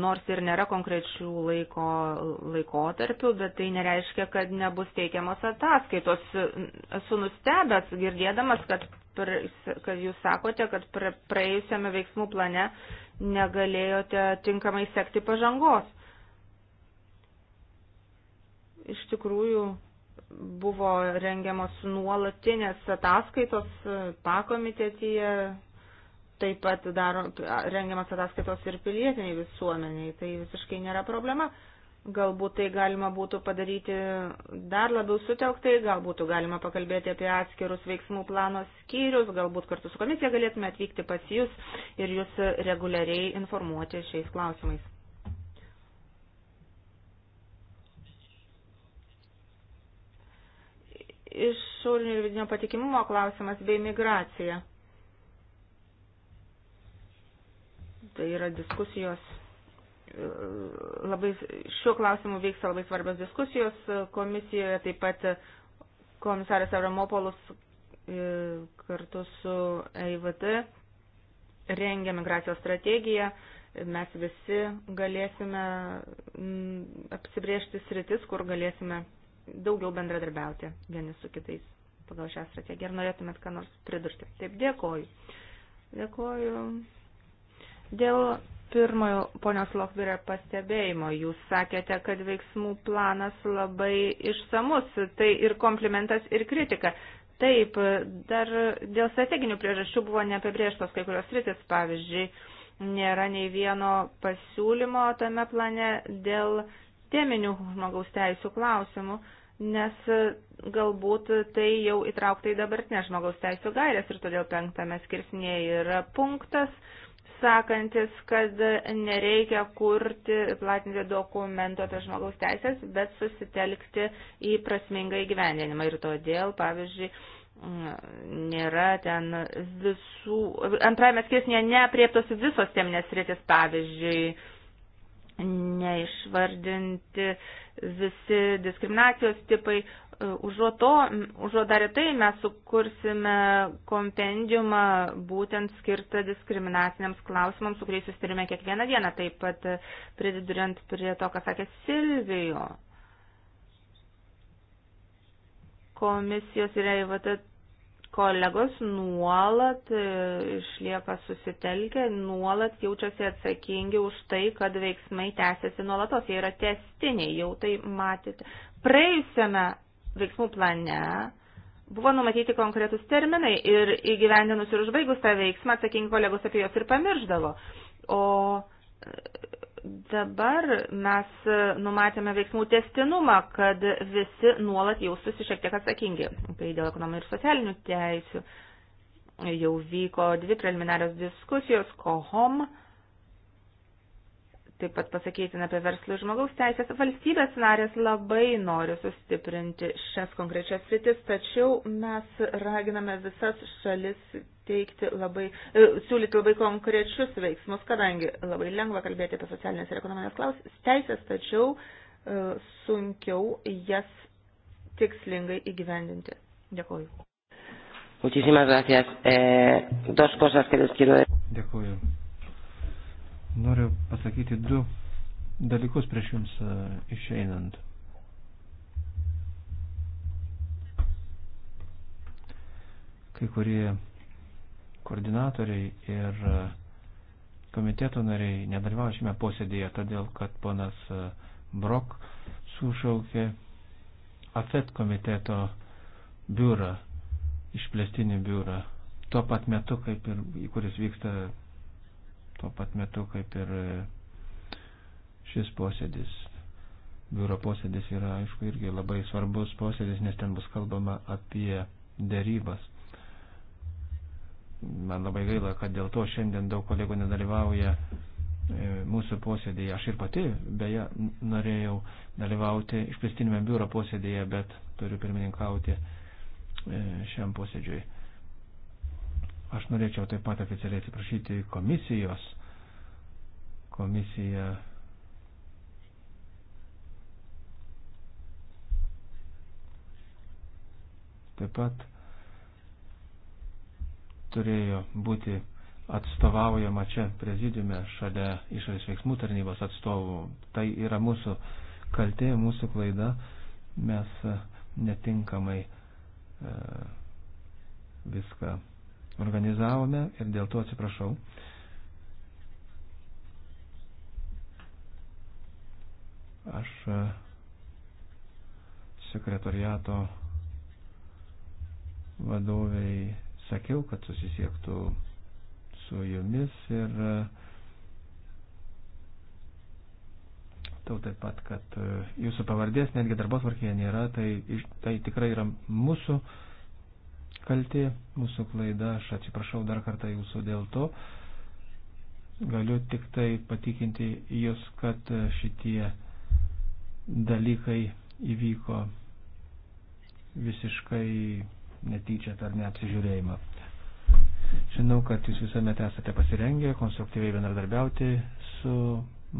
nors ir nėra konkrečių laiko, laikotarpių, bet tai nereiškia, kad nebus teikiamos ataskaitos. Esu nustebęs, girdėdamas, kad, pra, kad jūs sakote, kad pra, praėjusiame veiksmų plane negalėjote tinkamai sekti pažangos. Iš tikrųjų, buvo rengiamos nuolatinės ataskaitos e, pakomitetyje Taip pat daro, rengiamas ataskaitos ir pilietiniai visuomeniai. Tai visiškai nėra problema. Galbūt tai galima būtų padaryti dar labiau sutelktai, galbūt galima pakalbėti apie atskirus veiksmų plano skyrius, galbūt kartu su komisija galėtume atvykti pas jūs ir jūs reguliariai informuoti šiais klausimais. Išorinio ir vidinio patikimumo klausimas bei migracija. Tai yra diskusijos e, labai šiuo klausimu vyksta labai svarbios diskusijos e, komisijoje, taip pat komisaras Avramopolus e, kartu su EIVT rengia migracijos strategiją. Mes visi galėsime apsibriežti sritis, kur galėsime daugiau bendradarbiauti vieni su kitais pagal šią strategiją. Ar norėtumėt ką nors pridurti? Taip, dėkoju. Dėkoju. Dėl pirmojo ponios Lochbirer pastebėjimo, jūs sakėte, kad veiksmų planas labai išsamus, tai ir komplimentas, ir kritika. Taip, dar dėl strateginių priežasčių buvo neapibrieštos kai kurios rytis, pavyzdžiui, nėra nei vieno pasiūlymo tame plane dėl teminių žmogaus teisų klausimų, nes galbūt tai jau įtraukta į dabartinę žmogaus teisų gairės ir todėl penktame skirsnėje yra punktas sakantis, kad nereikia kurti, platinti dokumentų apie žmogaus teisės, bet susitelkti į prasmingą įgyvendinimą. Ir todėl, pavyzdžiui, nėra ten visų, antrajame skirsnėje neapriektos visos teminės rytis, pavyzdžiui, neišvardinti visi diskriminacijos tipai, Užuot to, užuot darę tai, mes sukursime kompendiumą būtent skirtą diskriminaciniams klausimams, su kuriais susitarime kiekvieną dieną, taip pat pridurint prie to, ką sakė Silvijo. Komisijos ir EIVT kolegos nuolat e, išlieka susitelkę, nuolat jaučiasi atsakingi už tai, kad veiksmai tęsiasi nuolatos. Jie yra testiniai, jau tai matėte. Praėjusiame veiksmų plane buvo numatyti konkretus terminai ir įgyvendinus ir užbaigus tą veiksmą atsakingi kolegos apie juos ir pamirždavo. O e, dabar mes e, numatėme veiksmų testinumą, kad visi nuolat jaustųsi šiek tiek atsakingi. Tai dėl ekonominių ir socialinių teisių jau vyko dvi preliminarios diskusijos, kohom Taip pat pasakytina apie verslų ir žmogaus teisės. Valstybės narės labai nori sustiprinti šias konkrečias sritis, tačiau mes raginame visas šalis teikti labai, e, siūlyti labai konkrečius veiksmus, kadangi labai lengva kalbėti apie socialinės ir ekonominės klaus, teisės, tačiau e, sunkiau jas tikslingai įgyvendinti. Dėkuoju. Muchísimas gracias. Eh, dos cosas que les quiero decir. Dėkuoju Noriu pasakyti du dalykus prieš jums e, išeinant. Kai kurie koordinatoriai ir e, komiteto nariai nedalyvavo šiame posėdėje, todėl kad ponas e, Brok sušaukė AFET komiteto biurą, išplėstinį biurą, tuo pat metu, kaip ir kuris vyksta tuo pat metu kaip ir e, šis posėdis. Biuro posėdis yra, aišku, irgi labai svarbus posėdis, nes ten bus kalbama apie dėrybas. Man labai gaila, kad dėl to šiandien daug kolegų nedalyvauja e, mūsų posėdėje. Aš ir pati, beje, norėjau dalyvauti išplėstinėme biuro posėdėje, bet turiu pirmininkauti e, šiam posėdžiui. Aš norėčiau taip pat oficialiai atsiprašyti komisijos. Komisija taip pat turėjo būti atstovaujama čia prezidiume šalia išorės veiksmų tarnybos atstovų. Tai yra mūsų kaltė, mūsų klaida. Mes e, netinkamai e, viską organizavome ir dėl to atsiprašau. Aš e, sekretoriato vadoviai sakiau, kad susisiektų su jumis ir e, tau taip pat, kad e, jūsų pavardės netgi darbos varkėje nėra, tai, tai tikrai yra mūsų uh, kalti, mūsų klaida, aš atsiprašau dar kartą jūsų dėl to. Galiu tik tai patikinti jūs, kad šitie dalykai įvyko visiškai netyčia ar neapsižiūrėjimą. Žinau, kad jūs visuomet esate pasirengę konstruktyviai bendradarbiauti su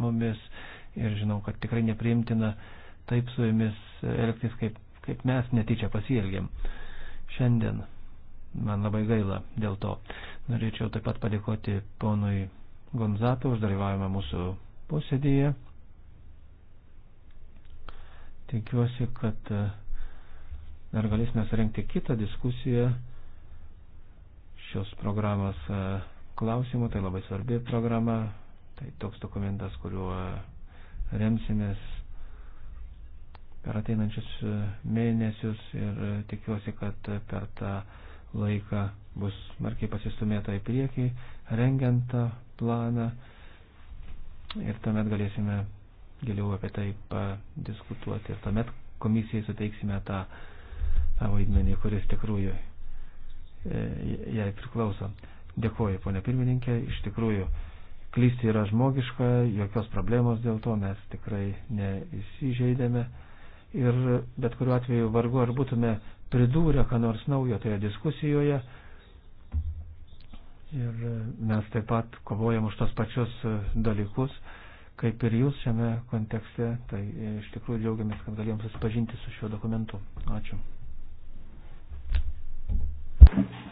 mumis ir žinau, kad tikrai nepriimtina taip su jumis elgtis, kaip, kaip mes netyčia pasielgėm. Uh, šiandien. Man labai gaila dėl to. Norėčiau taip pat padėkoti ponui Gonzapė už dalyvavimą mūsų posėdėje. Tikiuosi, kad e, dar galėsime surinkti kitą diskusiją šios programos e, klausimų. Tai labai svarbi programa. Tai toks dokumentas, kuriuo e, remsimės per ateinančius e, mėnesius ir e, tikiuosi, kad per tą laiką bus smarkiai pasistumėta į priekį, rengiant tą planą ir tuomet galėsime giliau apie tai padiskutuoti ir tuomet komisijai suteiksime tą, tą vaidmenį, kuris tikrųjų e, jai priklauso. Dėkuoju, ponė pirmininkė, iš tikrųjų klysti yra žmogiška, jokios problemos dėl to mes tikrai neįsižeidėme ir bet kuriuo atveju vargu ar būtume pridūrę ką nors naujo toje diskusijoje. Ir e, mes taip pat kovojam už tos pačius e, dalykus, kaip ir jūs šiame kontekste. Tai e, iš tikrųjų džiaugiamės, kad galėjom susipažinti su šiuo dokumentu. Ačiū. Thank you.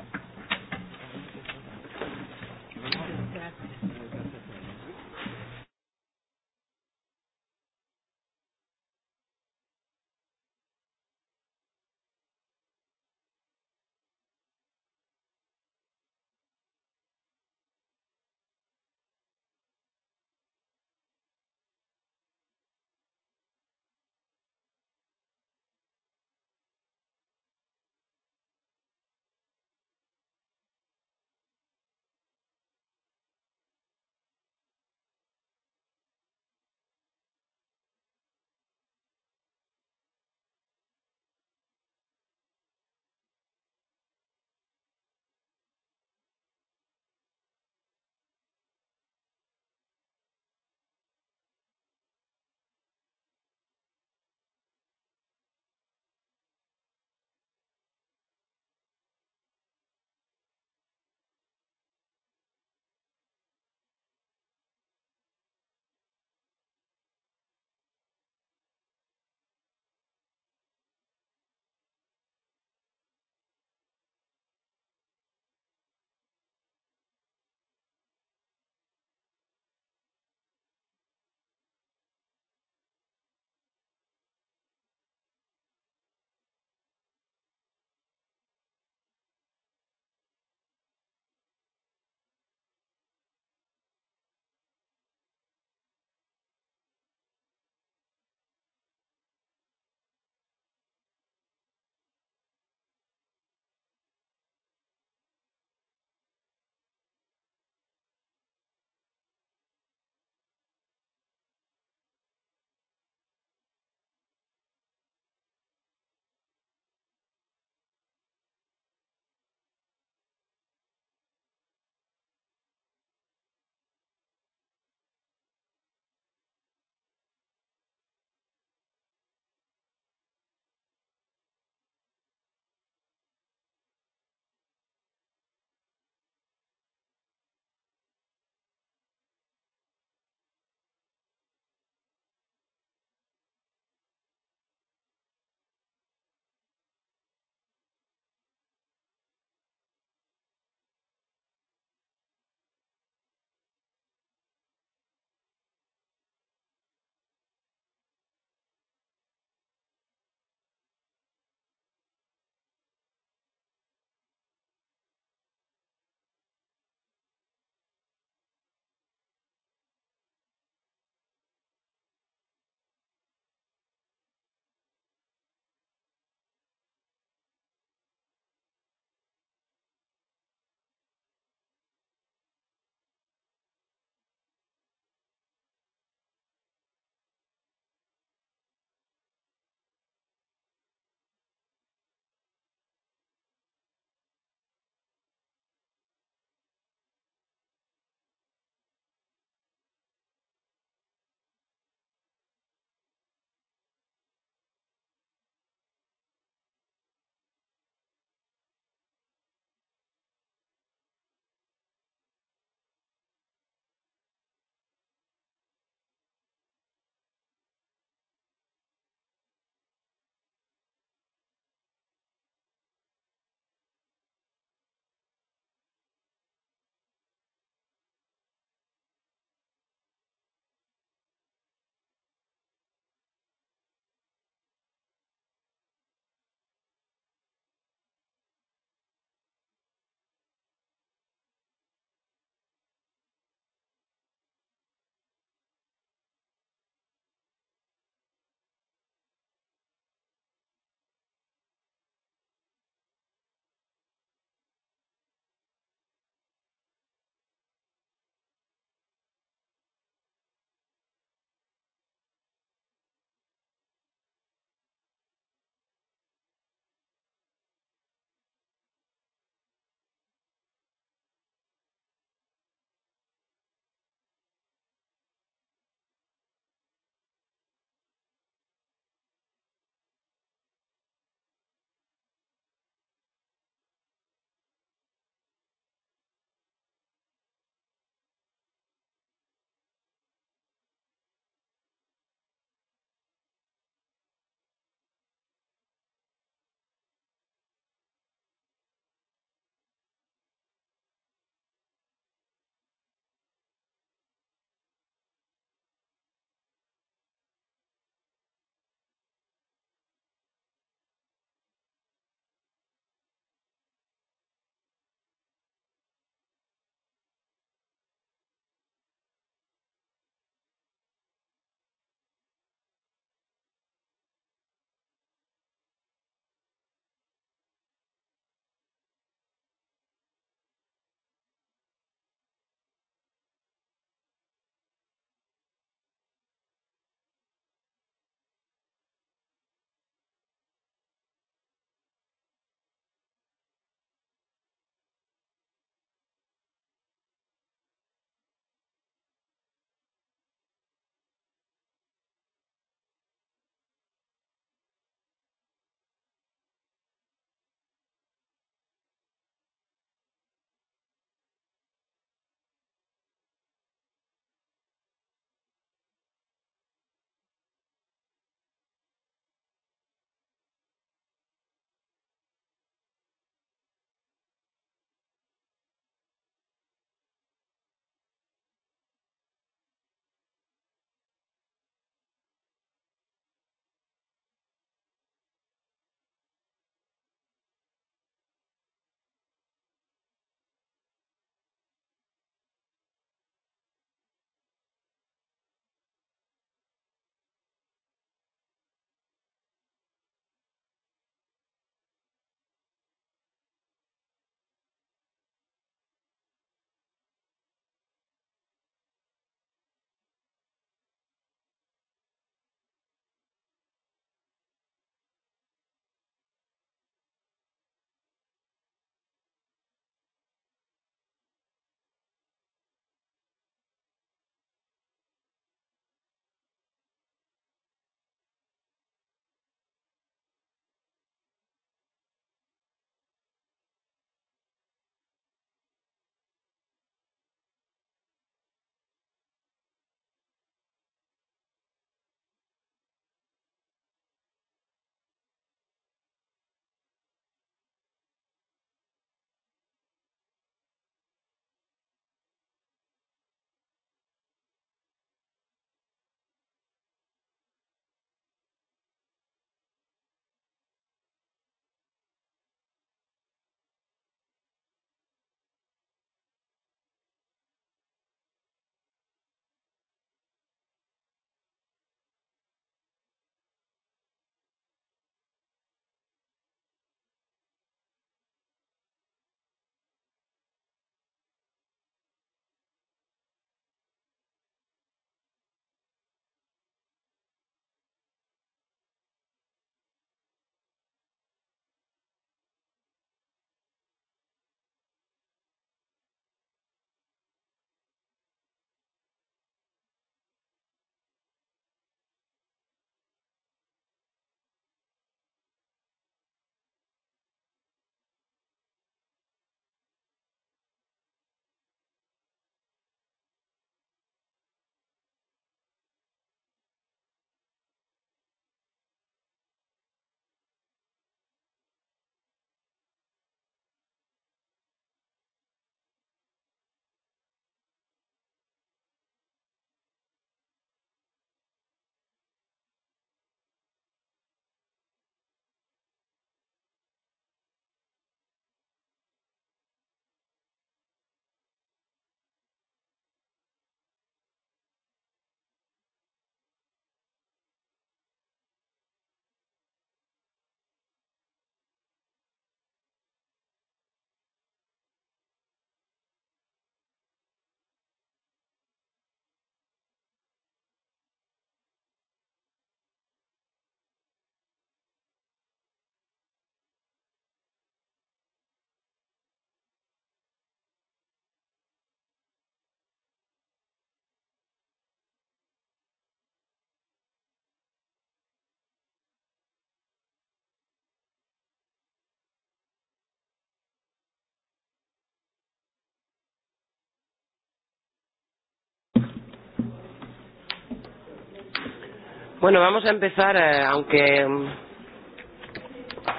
Bueno, vamos a empezar, eh, aunque mm,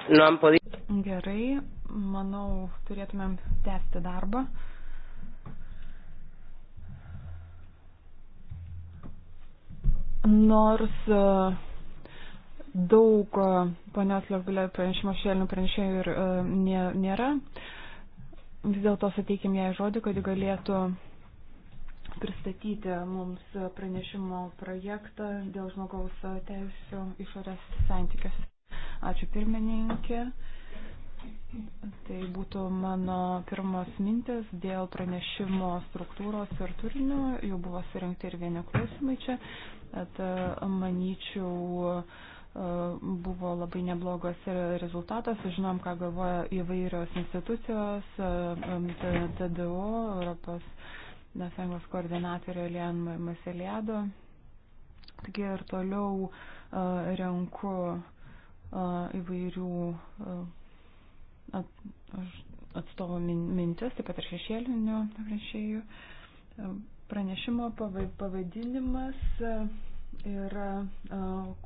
no han podido. Gerai, manau, turėtumėm tęsti darbą. Nors e, daug e, ponios Liogulė pranešimo šėlinių pranešėjų ir e, nėra, vis dėlto suteikim jai žodį, kad ji galėtų pristatyti mums pranešimo projektą dėl žmogaus teisų išorės santykiuose. Ačiū pirmininkė. Tai būtų mano pirmos mintis dėl pranešimo struktūros ir turinio. Jau buvo surinkti ir vieni klausimai čia. At, e, manyčiau, e, buvo labai neblogas rezultatas. Žinom, ką galvoja įvairios institucijos, e, TDO, Europos nesąjungos koordinatorė Lian Maselėdo. Taigi ir toliau renku įvairių atstovų mintis, taip pat ir šešėlinių pranešėjų. Pranešimo pavadinimas yra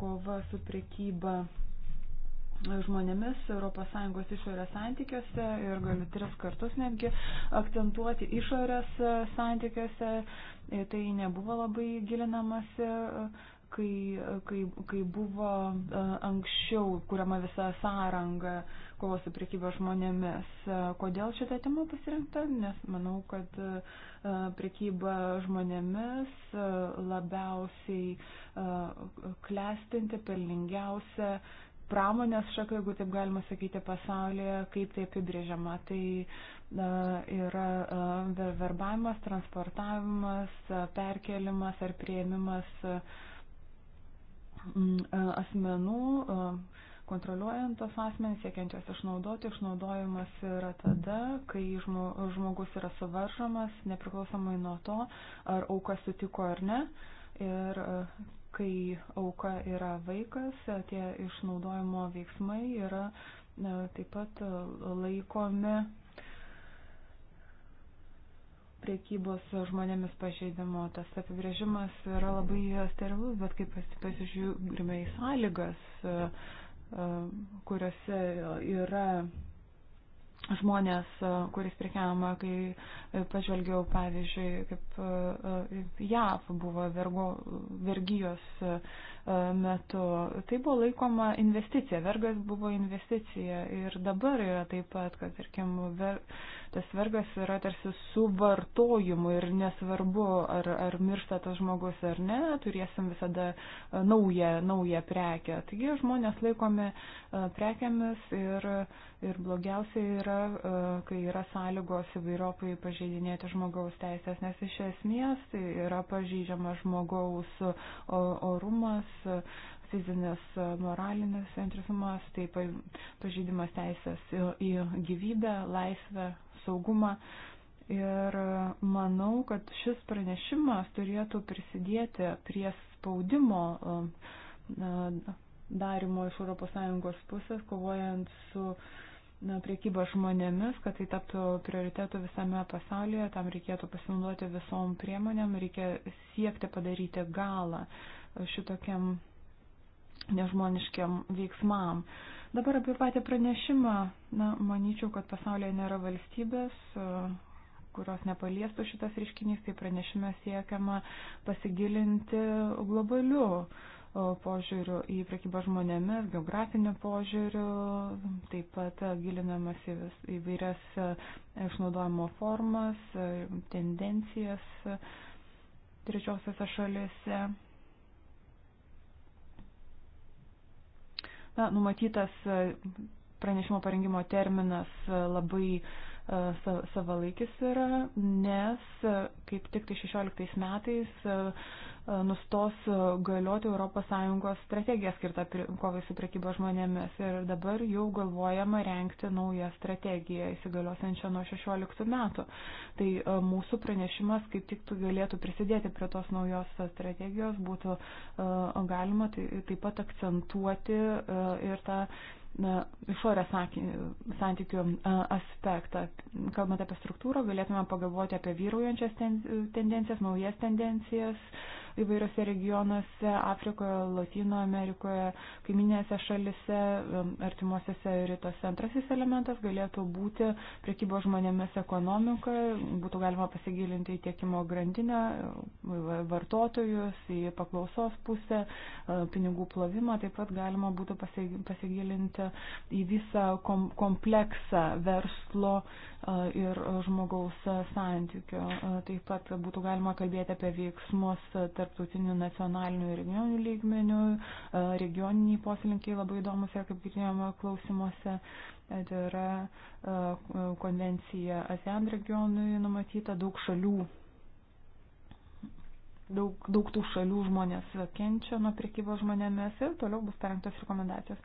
kova su priekyba žmonėmis ES išorės santykiuose ir galiu tris kartus netgi akcentuoti išorės e, santykiuose. E, tai nebuvo labai gilinamasi e, kai, kai, kai buvo anksčiau kuriama visa sąranga kovos su priekyba žmonėmis. Kodėl šitą temą pasirinkta? Nes manau, kad priekyba žmonėmis labiausiai klestinti, pelningiausia pramonės šaka, jeigu taip galima sakyti, pasaulyje, kaip tai apibrėžiama. Tai e, yra e, verbavimas, transportavimas, e, perkelimas ar prieimimas asmenų, kontroliuojant tos asmenys, siekiant juos išnaudoti, išnaudojimas yra tada, kai žmogus yra suvaržomas, nepriklausomai nuo to, ar auka sutiko ar ne. Ir kai auka yra vaikas, tie išnaudojimo veiksmai yra e, taip pat e, laikomi priekybos žmonėmis pažeidimo. Tas apibrėžimas yra labai sterilus, bet kaip pasižiūrime į sąlygas, e, kuriuose yra žmonės, e, kuris prekiavama, kai e, pažvelgiau, pavyzdžiui, kaip e, JAV buvo vergo, vergyjos metu, tai buvo laikoma investicija, vergas buvo investicija ir dabar yra taip pat, kad, tarkim, ver, tas vergas yra tarsi su vartojimu ir nesvarbu, ar, ar miršta tas žmogus ar ne, turėsim visada e, naują, naują prekę. Taigi žmonės laikomi e, prekiamis ir, ir blogiausia yra, e, kai yra sąlygos įvairopai pažeidinėti žmogaus teisės, nes iš esmės tai yra pažeidžiama žmogaus orumas fizinis, e, moralinis centrismas, tai pažydimas teisės į gyvybę, laisvę, saugumą. Ir e, manau, kad šis pranešimas turėtų prisidėti prie spaudimo e, darimo iš ES pusės, kovojant su na, priekyba žmonėmis, kad tai taptų prioritetu visame pasaulyje, tam reikėtų pasinaudoti visom priemonėm, reikia siekti padaryti galą šitokiam nežmoniškiam veiksmam. Dabar apie patį pranešimą, na, manyčiau, kad pasaulyje nėra valstybės, e, kurios nepaliestų šitas reiškinys, tai pranešime siekiama pasigilinti globaliu e, požiūriu į prekybą žmonėmis, geografiniu požiūriu, taip pat gilinamas į vis, įvairias e, išnaudojimo formas, tendencijas trečiosiose šalise. Na, numatytas e, pranešimo parengimo terminas e, labai e, savalaikis yra, nes kaip tik tai 16 metais E, nustos e, galioti ES strategija skirta kovai su prekyba žmonėmis. Ir dabar jau galvojama renkti naują strategiją įsigaliosiančią nuo 16 metų. Tai e, mūsų pranešimas kaip tik galėtų prisidėti prie tos naujos strategijos, būtų galima tai, taip pat akcentuoti ir tą na, išorės santykių aspektą. Kalbant apie struktūrą, galėtume pagalvoti apie vyraujančias ten, tendencijas, naujas tendencijas, įvairiose regionuose, Afrikoje, Latino Amerikoje, kaiminėse šalise, artimuosiuose rytuose. Antrasis elementas galėtų būti priekybos žmonėmis ekonomika, būtų galima pasigilinti į tiekimo grandinę, vartotojus, į paklausos pusę, e, pinigų plovimą, taip pat galima būtų pasigilinti į visą kompleksą verslo e, ir žmogaus santykio. E, taip pat būtų galima kalbėti apie veiksmus tarp tarptautiniu, nacionaliniu ir regioniniu lygmeniu. E, regioniniai poslinkiai labai įdomus yra, kaip girdėjome, klausimuose. E, tai yra e, konvencija ASEAN regionui numatyta, daug šalių daug, daug tų šalių žmonės kenčia nuo priekybos žmonėmis ir toliau bus parengtos rekomendacijos.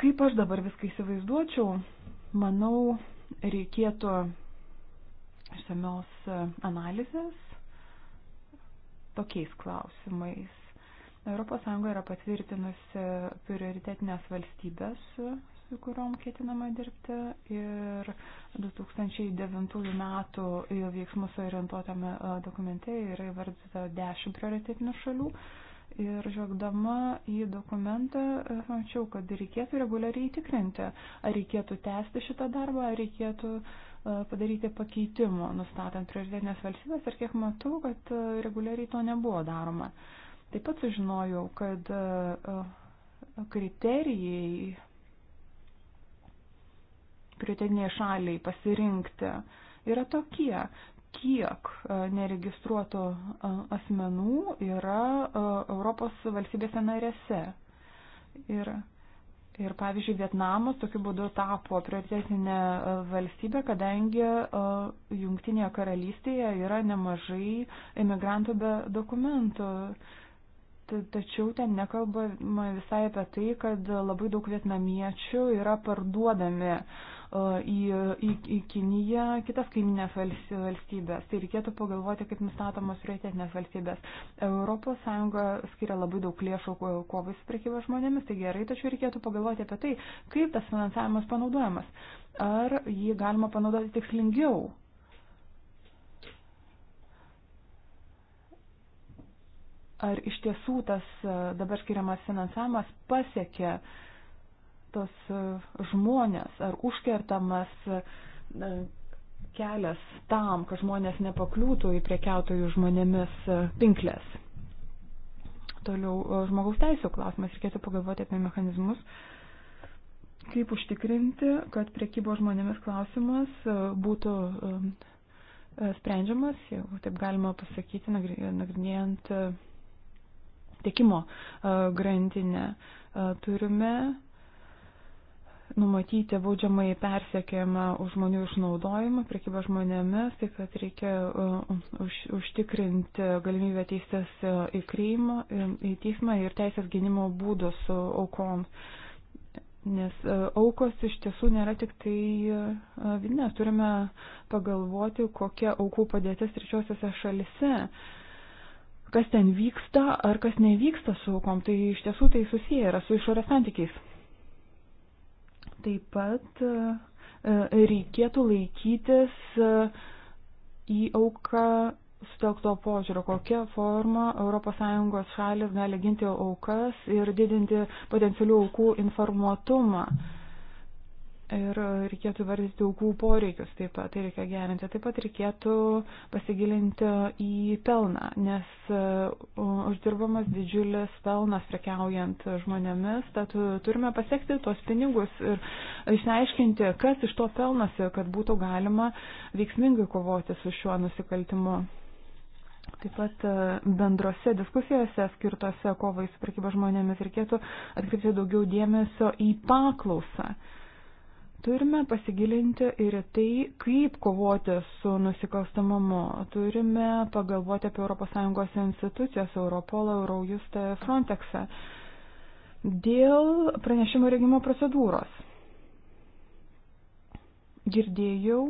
Kaip aš dabar viską įsivaizduočiau, manau, reikėtų išsamios analizės tokiais klausimais. ES yra patvirtinusi prioritetinės valstybės, su kuriuom ketinama dirbti ir 2009 metų veiksmus orientuotame dokumente yra įvardyta 10 prioritetinių šalių. Ir žvelgdama į dokumentą, mačiau, kad reikėtų reguliariai tikrinti, ar reikėtų tęsti šitą darbą, ar reikėtų uh, E, padaryti pakeitimų, nustatant prioritetinės valstybės ir kiek matau, kad e, reguliariai to nebuvo daroma. Taip pat sužinojau, kad e, kriterijai prioritetiniai šaliai pasirinkti yra tokie, kiek neregistruotų asmenų yra Europos valstybėse narėse. Ir Ir pavyzdžiui, Vietnamas tokiu būdu tapo prioritetinė e, valstybė, kadangi e, Junktinėje karalystėje yra nemažai imigrantų be dokumentų. Tačiau ten nekalbama visai apie tai, kad labai daug vietnamiečių yra parduodami uh, į, į, į Kiniją, kitas kaiminės valstybės. Tai reikėtų pagalvoti, kaip nustatomos prioritetinės valstybės. ES skiria labai daug lėšų kovai su prekyba žmonėmis, tai gerai, tačiau reikėtų pagalvoti apie tai, kaip tas finansavimas panaudojamas. Ar jį galima panaudoti tikslingiau, ar iš tiesų tas dabar skiriamas finansavimas pasiekė uh, tos e, žmonės, ar užkertamas e, kelias tam, kad žmonės nepakliūtų į prekiautojų žmonėmis e, pinklės. Toliau žmogaus teisų klausimas, reikėtų pagalvoti apie mechanizmus, kaip užtikrinti, kad priekybo žmonėmis klausimas būtų sprendžiamas, jeigu taip galima pasakyti, nagrinėjant tiekimo grandinę. Turime numatyti baudžiamai persiekėjimą už žmonių išnaudojimą, priekybą žmonėmis, taip pat reikia e, už, užtikrinti galimybę teisės e, į, kreimą, e, į teismą ir teisės gynimo būdus aukom. Nes aukos iš tiesų nėra tik tai vidinės, turime pagalvoti, kokia aukų padėtis trečiosiose šalise kas ten vyksta ar kas nevyksta su aukom, tai iš tiesų tai susiję yra su išorės santykiais. Taip pat e, reikėtų laikytis e, į auką stokto požiūrio, kokia forma ES šalis gali ginti aukas ir didinti potencialių aukų informuotumą. Mm. Ir reikėtų vardyti aukų poreikius taip pat, tai reikia gerinti. Taip pat reikėtų pasigilinti į pelną, nes e, uždirbamas didžiulis pelnas prekiaujant žmonėmis, tad turime pasiekti tuos pinigus ir išsiaiškinti, kas iš to pelnosi, kad būtų galima veiksmingai kovoti su šiuo nusikaltimu. Taip pat e, bendrose diskusijose skirtose kovai su prekyba žmonėmis reikėtų atkreipti daugiau dėmesio į paklausą. Turime pasigilinti ir tai, kaip kovoti su nusikalstamumu. Turime pagalvoti apie ES institucijas, Europolą, Eurojustą, Frontexą. Dėl pranešimo rengimo procedūros. Girdėjau,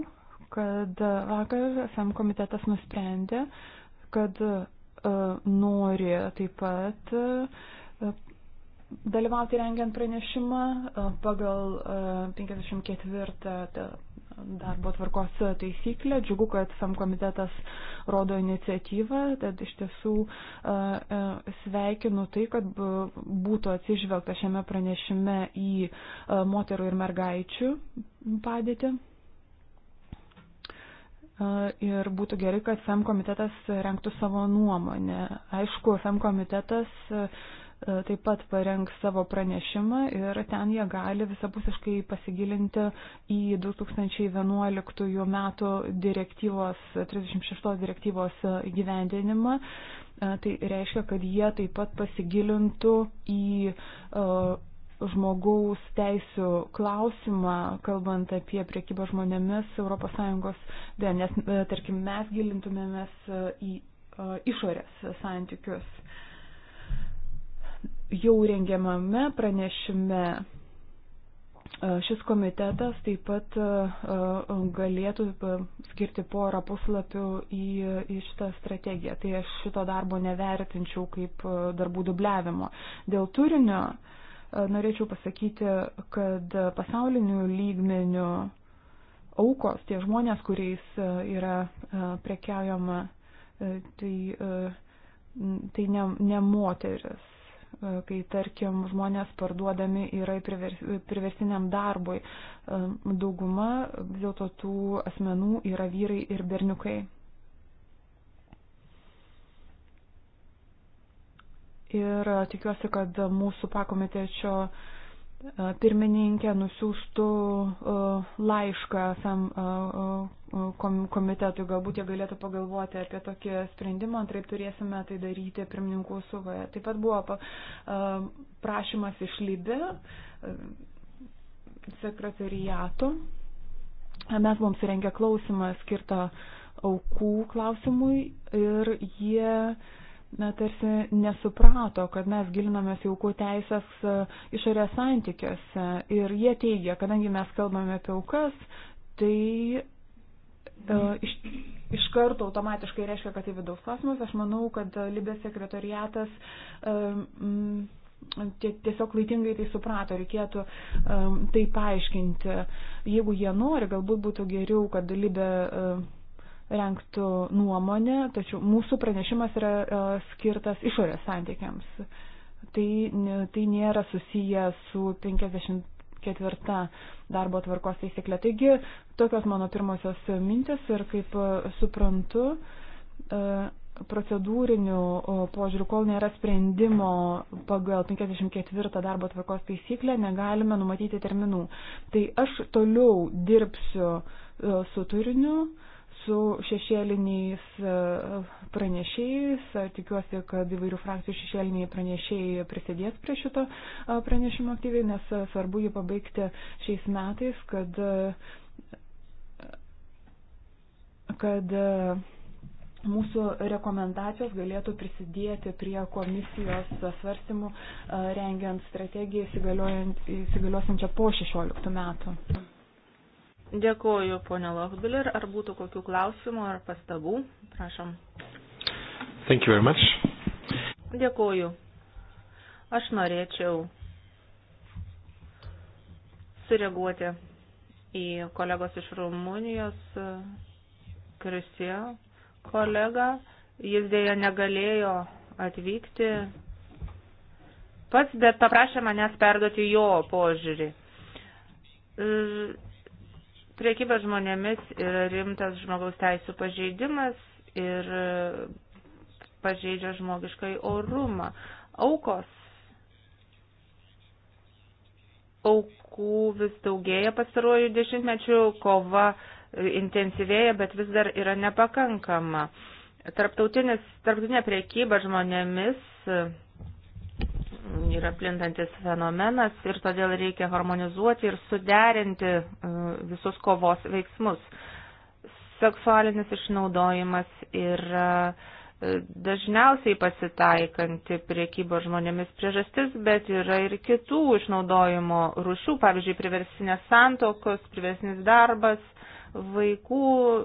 kad vakar SM komitetas nusprendė, kad e, nori taip pat e, dalyvauti rengiant pranešimą e, pagal 54 e, darbo tvarkos taisyklę. Džiugu, kad SAM komitetas rodo iniciatyvą, tad iš tiesų e, sveikinu tai, kad būtų atsižvelgta šiame pranešime į moterų ir mergaičių padėtį. Ir būtų gerai, kad FEM komitetas renktų savo nuomonę. Aišku, FEM komitetas E, taip pat parengs savo pranešimą ir ten jie gali visapusiškai pasigilinti į 2011 metų direktyvos, 36 direktyvos e, įgyvendinimą. E, tai reiškia, kad jie taip pat pasigilintų į žmogaus teisų klausimą, kalbant apie priekybą žmonėmis ES, nes, tarkim, mes gilintumėmės į išorės santykius jau rengiamame pranešime e, šis komitetas taip pat e, e, galėtų skirti porą puslapių į, į šitą strategiją. Tai aš šito darbo nevertinčiau kaip darbų dubliavimo. Dėl turinio norėčiau pasakyti, kad pasauliniu lygmeniu aukos, tie žmonės, kuriais yra prekiaujama, tai, tai ne, ne moteris E, kai tarkim žmonės parduodami yra priversiniam darbui. E, dauguma vis dėlto tų asmenų yra vyrai ir berniukai. Ir e, tikiuosi, kad mūsų pakomitečio uh, pirmininkė nusiųstų laišką sam komitetui, galbūt jie galėtų pagalvoti apie tokį sprendimą, antraip turėsime tai daryti pirmininkų suvoje. Taip pat buvo prašymas iš Libi sekretariato. Mes buvom surengę klausimą skirtą aukų klausimui ir jie na, tarsi nesuprato, kad mes gilinamės į aukų teisės e, išorės santykiuose. Ir jie teigia, kadangi mes kalbame apie aukas, tai uh, iš, iš karto automatiškai reiškia, kad tai vidaus klausimas. Aš manau, kad Libės sekretariatas. Uh, e, mm, tiesiog klaidingai tai suprato, reikėtų um, tai paaiškinti. Jeigu jie nori, galbūt būtų geriau, kad Libė uh, renktų nuomonę, tačiau mūsų pranešimas yra e, skirtas išorės santykiams. Tai, tai nėra susiję su 54 darbo tvarkos taisyklė. Taigi, tokios mano pirmosios mintis ir kaip suprantu, e, procedūrinių požiūrių, kol nėra sprendimo pagal 54 darbo tvarkos taisyklę, negalime numatyti terminų. Tai aš toliau dirbsiu e, su turiniu, uh, su šešėliniais e, pranešėjais. Tikiuosi, kad įvairių frakcijų šešėliniai pranešėjai prisidės prie šito pranešimo aktyviai, nes e, svarbu jį pabaigti šiais metais, kad, e, kad mūsų rekomendacijos galėtų prisidėti prie komisijos svarstymų, rengiant strategiją įsigaliosiančią po 16 metų. Dėkuoju, ponė Lochbiller. Ar būtų kokių klausimų ar pastabų? Prašom. Thank you very much. Dėkuoju. Aš norėčiau sureaguoti į kolegos iš Rumunijos, Krisio kolegą. Jis dėja negalėjo atvykti pats, bet paprašė manęs perduoti jo požiūrį. Ir Priekyba žmonėmis yra rimtas žmogaus teisų pažeidimas ir pažeidžia žmogiškai orumą. Aukos. Aukų vis daugėja pastaruoju dešimtmečiu, kova intensyvėja, bet vis dar yra nepakankama. Tarptautinė priekyba žmonėmis yra plintantis fenomenas ir todėl reikia harmonizuoti ir suderinti e, visus kovos veiksmus. Seksualinis išnaudojimas yra e, dažniausiai pasitaikanti priekybo žmonėmis priežastis, bet yra ir kitų išnaudojimo rušių, pavyzdžiui, priversinės santokos, priversinis darbas, vaikų e,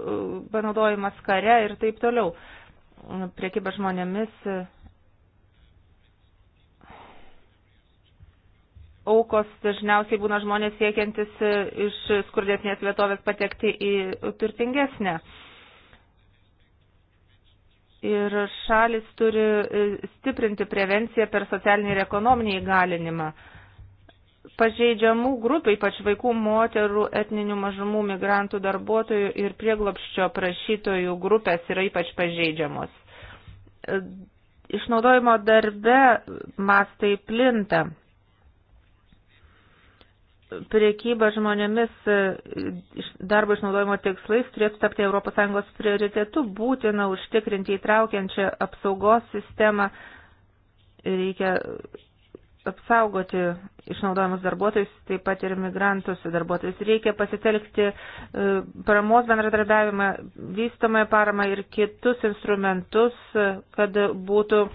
panaudojimas kare ir taip toliau. Priekyba žmonėmis aukos dažniausiai būna žmonės siekiantis e, iš skurdesnės vietovės patekti į turtingesnę. Ir šalis turi e, stiprinti prevenciją per socialinį ir ekonominį įgalinimą. Pažeidžiamų grupių, ypač vaikų, moterų, etninių mažumų, migrantų, darbuotojų ir prieglopščio prašytojų grupės yra ypač pažeidžiamos. E, Išnaudojimo darbe mastai plinta priekyba žmonėmis e, darbo išnaudojimo tikslais turėtų tapti ES prioritetu, būtina užtikrinti įtraukiančią apsaugos sistemą, reikia apsaugoti išnaudojamus darbuotojus, taip pat ir migrantus darbuotojus. Reikia pasitelkti e, paramos bendradarbiavimą, vystomąją paramą ir kitus instrumentus, e, kad būtų e,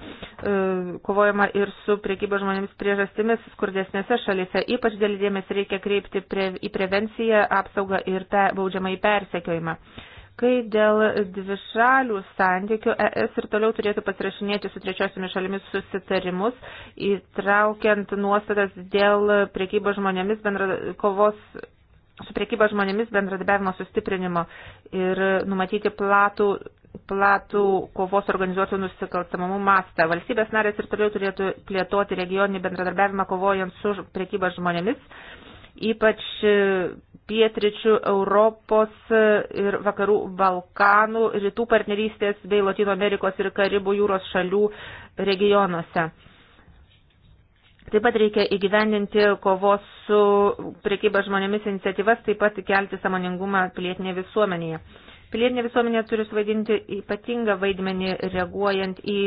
kovojama ir su priekybos žmonėmis priežastimis skurdesnėse šalyse. Ypač dėl dėmesį reikia kreipti pre, į prevenciją, apsaugą ir pe, baudžiamą į persekiojimą. Kai dėl dvišalių santykių ES ir toliau turėtų pasirašinėti su trečiosiomis šalimis susitarimus, įtraukiant nuostatas dėl priekybos žmonėmis bendra, kovos su priekyba žmonėmis bendradarbiavimo sustiprinimo ir numatyti platų platų kovos organizuotų nusikalstamumų mastą. Valstybės narės ir toliau turėtų plėtoti regioninį bendradarbiavimą kovojant su priekyba žmonėmis ypač e, pietričių Europos e, ir vakarų Balkanų, rytų partnerystės bei Latino Amerikos ir Karibų jūros šalių regionuose. Taip pat reikia įgyvendinti kovos su priekyba žmonėmis iniciatyvas, taip pat kelti samoningumą pilietinėje visuomenėje. Pilietinė visuomenė turi suvaidinti ypatingą vaidmenį reaguojant į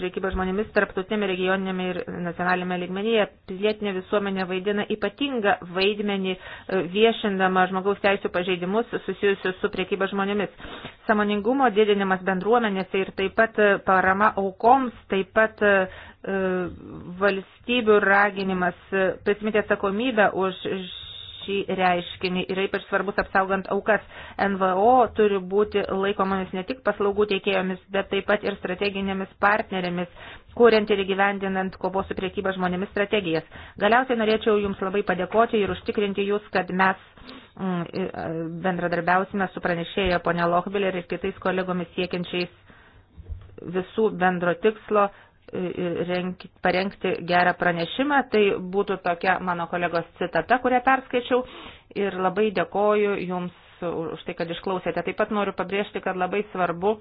priekybą žmonėmis tarptautinėme, regioninėme ir nacionalinėme lygmenyje. Pilietinė visuomenė vaidina ypatingą vaidmenį e, viešindama žmogaus teisų pažeidimus susijusius su priekyba žmonėmis. Samoningumo didinimas bendruomenėse ir taip pat e, parama aukoms, taip pat e, valstybių raginimas prisiminti atsakomybę už šį reiškinį yra ypač svarbus apsaugant aukas. NVO turi būti laikomomis ne tik paslaugų teikėjomis, bet taip pat ir strateginėmis partnerėmis, kuriant ir gyvendinant kovos su priekyba žmonėmis strategijas. Galiausiai norėčiau Jums labai padėkoti ir užtikrinti Jūs, kad mes mm, bendradarbiausime su pranešėjo ponia Lochbilė ir kitais kolegomis siekiančiais visų bendro tikslo renk, parengti gerą pranešimą. Tai būtų tokia mano kolegos citata, kurią perskaičiau ir labai dėkoju Jums už tai, kad išklausėte. Taip pat noriu pabrėžti, kad labai svarbu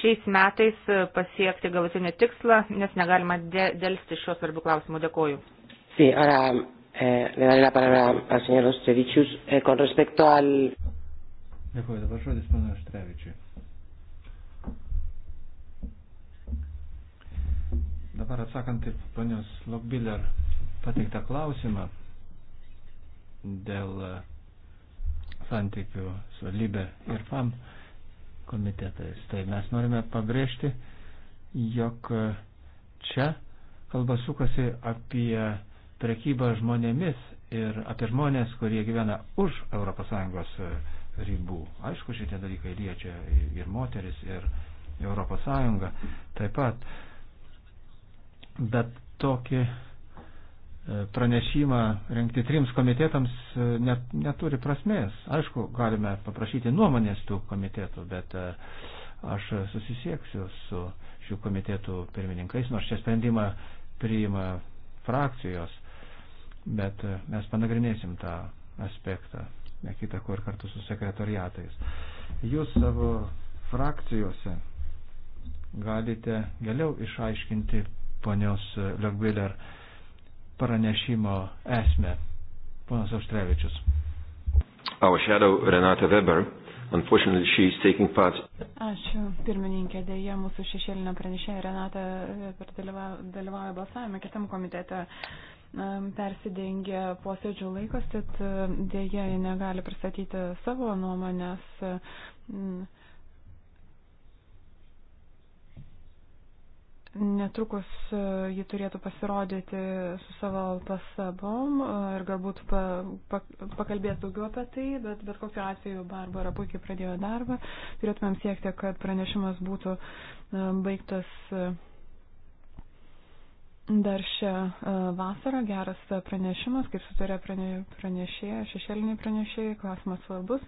šiais metais pasiekti galutinį tikslą, nes negalima dėlsti šios svarbių klausimų. Dėkoju. Sí, ahora eh, le daré la palabra al señor Ostrevičius eh, con respecto al. Dėkoju, dabar žodis mano Ostrevičiui. Dabar atsakant į ponios Lokbiller pateiktą klausimą dėl e, santykių su Libe ir FAM komitetais, tai mes norime pabrėžti, jog e, čia kalba sukasi apie prekybą žmonėmis ir apie žmonės, kurie gyvena už ES e, ribų. Aišku, šitie dalykai liečia ir moteris, ir ES taip pat bet tokį e, pranešimą renkti trims komitetams e, net, neturi prasmės. Aišku, galime paprašyti nuomonės tų komitetų, bet e, aš susisieksiu su šių komitetų pirmininkais, nors čia sprendimą priima frakcijos, bet mes panagrinėsim tą aspektą, ne kitą kur kartu su sekretariatais. Jūs savo frakcijose galite geriau išaiškinti ponios Lokbiller pranešimo esmę. Ponas Auštrevičius. Our shadow Renate Weber. Unfortunately, she is taking part. Ačiū, pirmininkė, dėja, mūsų šešėlinio pranešėja Renata dalyvauja balsavime kitam komitete persidengia posėdžių laikas, tad dėja, ji negali pristatyti savo nuomonės. Mm Netrukus e, ji turėtų pasirodyti su savo pasabom e, ir galbūt pa, pa, pakalbės daugiau apie tai, bet bet kokiu atveju Barbara puikiai pradėjo darbą. Turėtumėm siekti, kad pranešimas būtų e, baigtas Dar šią vasarą geras pranešimas, kaip sutarė pranešėja, šešėliniai pranešėjai, klausimas svarbus.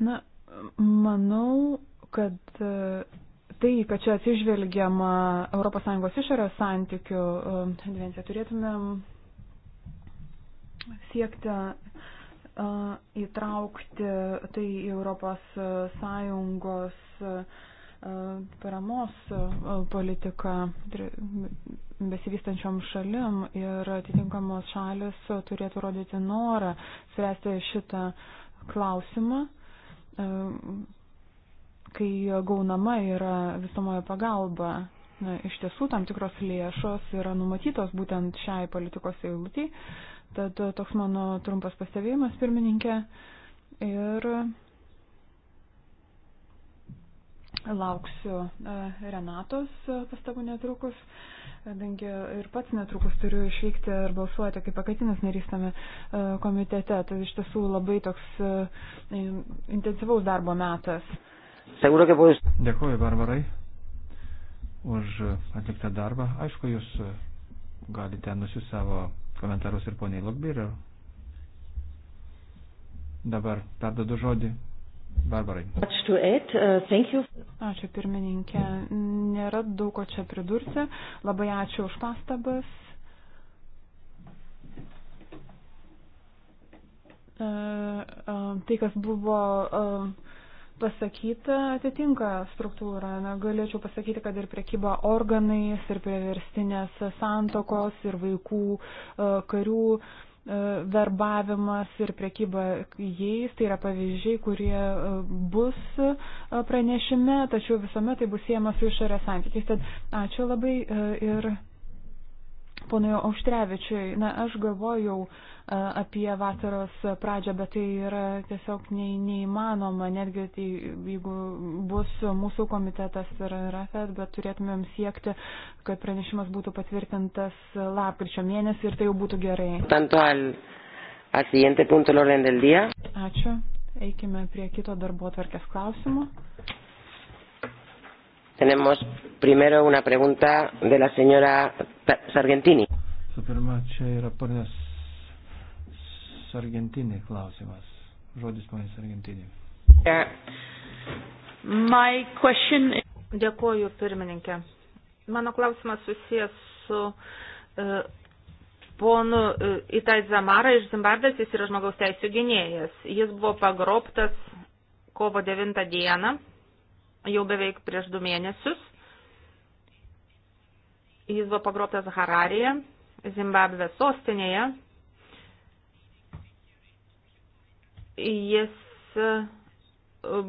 Na, manau, kad tai, kad čia atsižvelgiama ES išorės santykių konvencija, e, turėtumėm siekti e, įtraukti tai į ES e, paramos politiką besivystančiom šalim ir atitinkamos šalis turėtų rodyti norą spręsti šitą klausimą kai gaunama yra visumoje pagalba, na, iš tiesų tam tikros lėšos yra numatytos būtent šiai politikos eilutį. Tad e, toks mano trumpas pastebėjimas, pirmininkė. Ir lauksiu e, Renatos pastabų netrukus, kadangi ir pats netrukus turiu išvykti ir balsuoti kaip pakatinis narys tame e, komitete. Tai iš tiesų labai toks intensyvaus darbo metas. Seguro que puedes. Dėkuoju, Barbarai, už atliktą darbą. Aišku, jūs e, galite nusiųsti savo komentarus ir poniai Lokbirio. Dabar perdodu žodį Barbarai. Ačiū, Ed. Uh, ačiū, pirmininkė. Nėra daug ko čia pridurti. Labai ačiū už pastabas. Uh, uh, tai, kas buvo pasakyta atitinka struktūrą. Na, galėčiau pasakyti, kad ir priekyba organais, ir priverstinės santokos, ir vaikų e, karių e, verbavimas ir priekyba jais, tai yra pavyzdžiai, kurie e, bus pranešime, tačiau visuomet tai bus siejama su išorės santykiais. Tad ačiū labai ir ponui Auštrevičiui. Na, aš galvojau, uh, apie vasaros pradžią, bet tai yra tiesiog nei, neįmanoma, netgi tai, jeigu bus mūsų komitetas ir RAFET, bet turėtumėm siekti, kad pranešimas būtų patvirtintas lapkričio mėnesį ir tai jau būtų gerai. Tanto al, al siguiente punto el orden del día. Ačiū. Eikime prie kito darbo tvarkės klausimo. Tenemos primero una pregunta de la señora Sargentini. Su pirma, čia yra ponės Argentinė klausimas. Žodis ponės Argentinė. Question... Dėkuoju, pirmininkė. Mano klausimas susijęs su e, ponu e, Itai Zamara iš Zimbabvės, jis yra žmogaus teisų gynėjas. Jis buvo pagrobtas kovo 9 dieną, jau beveik prieš du mėnesius. Jis buvo pagrobtas Hararėje, Zimbabvės sostinėje. Jis e,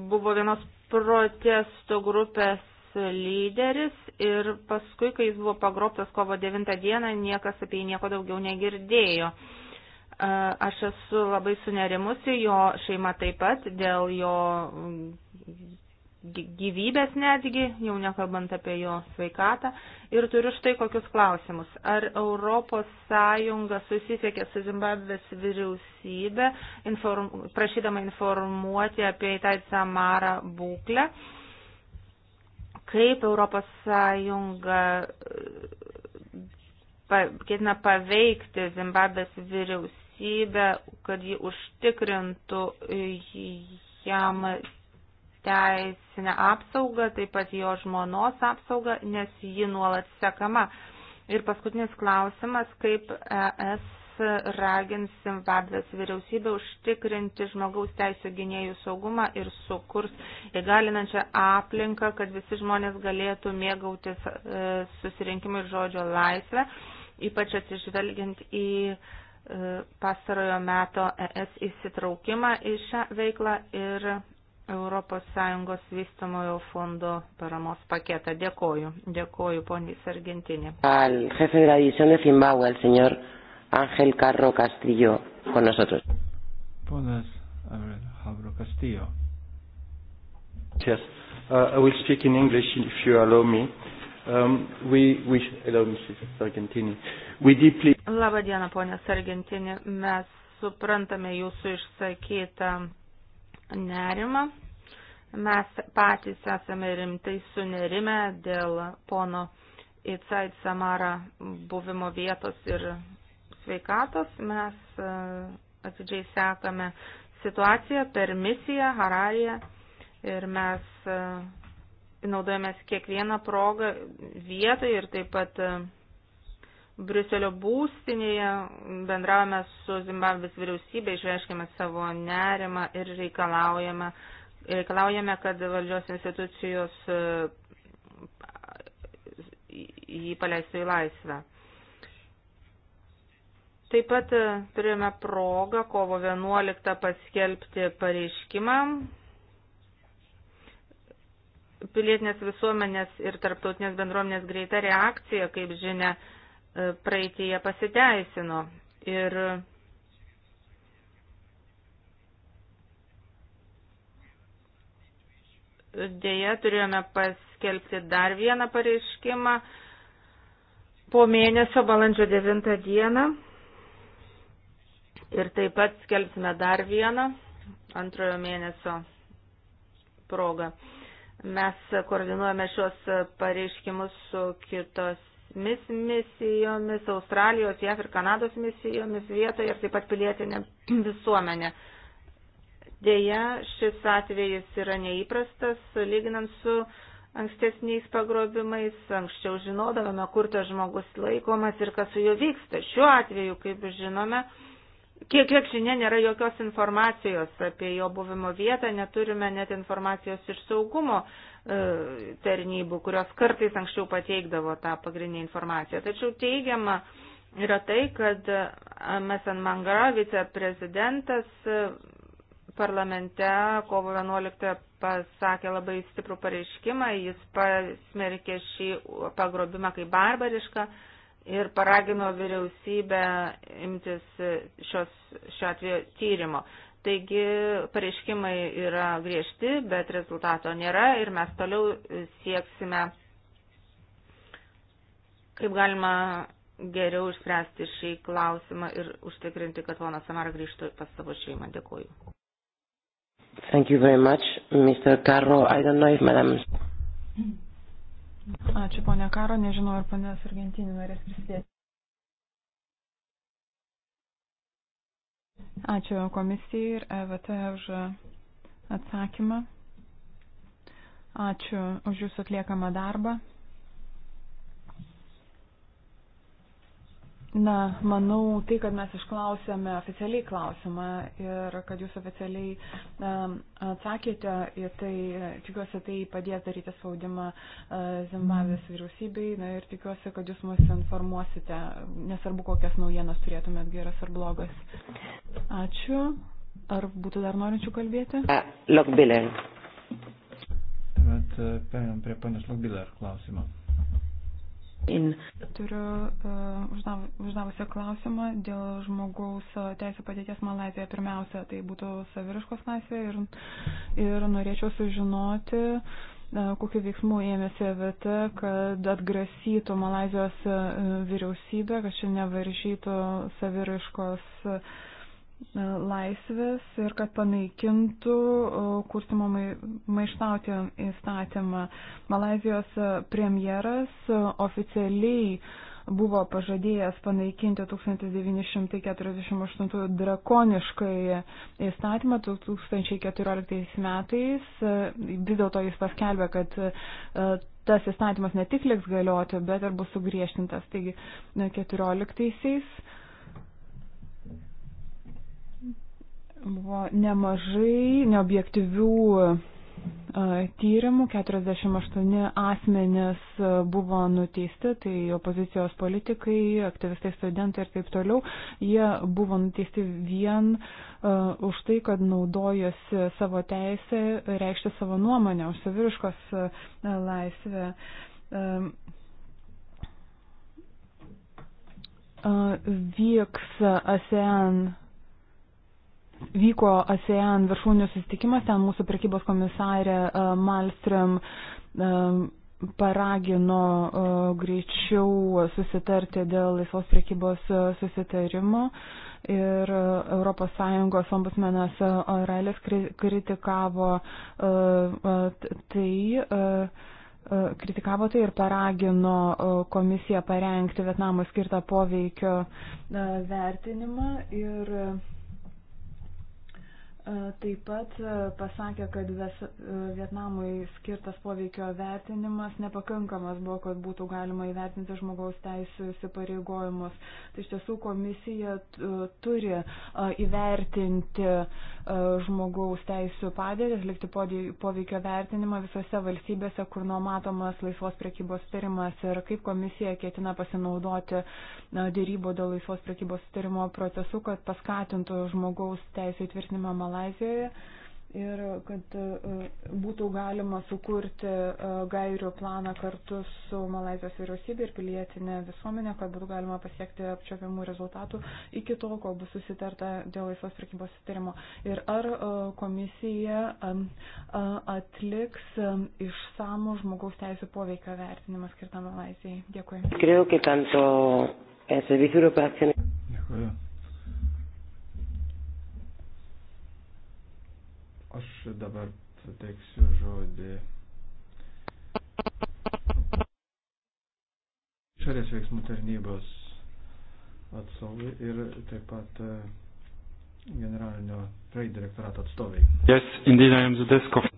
buvo vienos protesto grupės lyderis ir paskui, kai jis buvo pagrobtas kovo 9 dieną, niekas apie jį nieko daugiau negirdėjo. E, aš esu labai sunerimusi, jo šeima taip pat dėl jo gyvybės netgi, jau nekalbant apie jo sveikatą. Ir turiu štai kokius klausimus. Ar Europos Sąjunga susisiekė su Zimbabvės vyriausybė, inform, prašydama informuoti apie tą samarą būklę? Kaip Europos Sąjunga e, ketina paveikti Zimbabvės vyriausybę, kad ji užtikrintų e, jam teisinę apsaugą, taip pat jo žmonos apsaugą, nes ji nuolat sekama. Ir paskutinis klausimas, kaip ES ragins Zimbabvės vyriausybė užtikrinti žmogaus teisų gynėjų saugumą ir sukurs įgalinančią aplinką, kad visi žmonės galėtų mėgautis e, susirinkimų ir žodžio laisvę, ypač atsižvelgiant į e, pastarojo meto ES įsitraukimą į šią veiklą ir ES vystamojo fondo paramos paketą. Dėkoju. Dėkoju, poniai Sargentinė. Al jefe de la división de Zimbabue, el señor Ángel Carro Castillo, con nosotros. Ponas Carro Castillo. Yes, uh, I will speak in English if you allow me. Um, we, we, hello, Mrs. Sargentini. We deeply... Labą dieną, ponė Sargentini. Mes suprantame jūsų išsakytą nerimą. Mes patys esame rimtai sunerime dėl pono Icaid Samara buvimo vietos ir sveikatos. Mes e, atidžiai sekame situaciją per misiją Hararėje ir mes e, naudojamės kiekvieną progą vietą ir taip pat e, Briuselio būstinėje bendravome su Zimbabvės vyriausybė, išreiškėme savo nerimą ir reikalaujame, reikalaujame kad valdžios institucijos e, jį paleistų į laisvę. Taip pat e, turėjome progą kovo 11 paskelbti pareiškimą pilietinės visuomenės ir tarptautinės bendruomenės greita reakcija, kaip žinia, E, praeitėje pasiteisino ir dėja turėjome paskelbti dar vieną pareiškimą po mėnesio balandžio 9 dieną ir taip pat skelbsime dar vieną antrojo mėnesio progą. Mes koordinuojame šios pareiškimus su kitos mis misijomis, Australijos, JAF ir Kanados misijomis vietoje ir taip pat pilietinė visuomenė. Deja, šis atvejis yra neįprastas, lyginant su ankstesniais pagrobimais, anksčiau žinodavome, kur tas žmogus laikomas ir kas su juo vyksta. Šiuo atveju, kaip žinome, Kiek, kiek žinia, nėra jokios informacijos apie jo buvimo vietą, neturime net informacijos iš saugumo e, tarnybų, kurios kartais anksčiau pateikdavo tą pagrindinę informaciją. Tačiau teigiama yra tai, kad e, Mesan Mangara, viceprezidentas e, parlamente kovo 11 pasakė labai stiprų pareiškimą, jis pasmerkė šį pagrobimą kaip barbarišką. E, ir paragino vyriausybę imtis šios, šio atveju tyrimo. Taigi pareiškimai yra griežti, bet rezultato nėra ir mes toliau sieksime, kaip galima geriau išspręsti šį klausimą ir užtikrinti, kad ponas Samara grįžtų pas savo šeimą. Dėkuoju. Thank you very much, Mr. Carro. I don't know if Madam. Mm. Ačiū, ponia Karo, nežinau, ar ponia Argentinė norės prisidėti. Ačiū komisijai ir EVT už atsakymą. Ačiū už jūsų atliekamą darbą. Na, manau, tai, kad mes išklausėme oficialiai klausimą ir kad jūs oficialiai um, atsakėte į tai, tikiuosi, tai padės daryti spaudimą uh, Zimbabvės vyriausybei. Na ir tikiuosi, kad jūs mus informuosite, nesvarbu, kokias naujienas turėtumėt, geras ar blogas. Ačiū. Ar būtų dar norinčių kalbėti? Lokbiler. Tuomet perėm prie ponios Lokbiler klausimą. In... Turiu uh, uždav, uždavusią klausimą dėl žmogaus teisų padėties Malazijoje. Pirmiausia, tai būtų saviriškos laisvė ir, ir norėčiau sužinoti, uh, kokiu veiksmu ėmėsi e VT, kad atgrasytų Malazijos vyriausybę, kad ši nevaržytų saviriškos. Uh, E, laisvės ir kad panaikintų e, kurstimo maištauti įstatymą. Malazijos e, premjeras oficialiai buvo pažadėjęs panaikinti 1948 drakoniškai įstatymą 2014 metais. Vis dėlto jis paskelbė, kad tas įstatymas ne tik liks galioti, bet ir bus sugriežtintas. Taigi 14 -aisiais Buvo nemažai neobjektyvių e, tyrimų, 48 asmenės e, buvo nuteisti, tai opozicijos politikai, aktyvistai, studentai ir taip toliau, jie buvo nuteisti vien uh, už tai, kad naudojosi savo teisę reikšti savo nuomonę, už saviriškos uh, laisvę. Uh, vyks ASEAN vyko ASEAN viršūnių susitikimas, ten mūsų prekybos komisarė e, Malstrom e, paragino e, greičiau susitarti dėl laisvos prekybos susitarimo ir ES ombudsmenas Orailis kritikavo tai kritikavo tai ir paragino komisiją parengti Vietnamo skirtą poveikio vertinimą ir E, taip pat e, pasakė, kad e, Vietnamui skirtas poveikio vertinimas nepakankamas buvo, kad būtų galima įvertinti žmogaus teisų įsipareigojimus. Tai iš tiesų komisija turi įvertinti žmogaus teisų padėtį, atlikti poveikio vertinimą visose valstybėse, kur numatomas laisvos prekybos sutarimas ir kaip komisija ketina pasinaudoti dėrybo dėl laisvos prekybos sutarimo procesu, kad paskatintų žmogaus teisų įtvirtinimą Malavijoje. Malazijoje ir kad e, būtų galima sukurti e, gairių planą kartu su Malazijos vyriausybė ir pilietinė visuomenė, kad būtų galima pasiekti apčiopiamų rezultatų iki to, kol bus susitarta dėl laisvos prekybos sutarimo. Ir ar e, komisija atliks išsamų žmogaus teisų poveikio vertinimą skirtą Malazijai? Dėkui. Dėkui. Aš dabar suteiksiu žodį. Išorės veiksmų tarnybos atstovai ir taip pat e, generalinio trade direktorato atstovai. Yes, indeed, I am the desk of.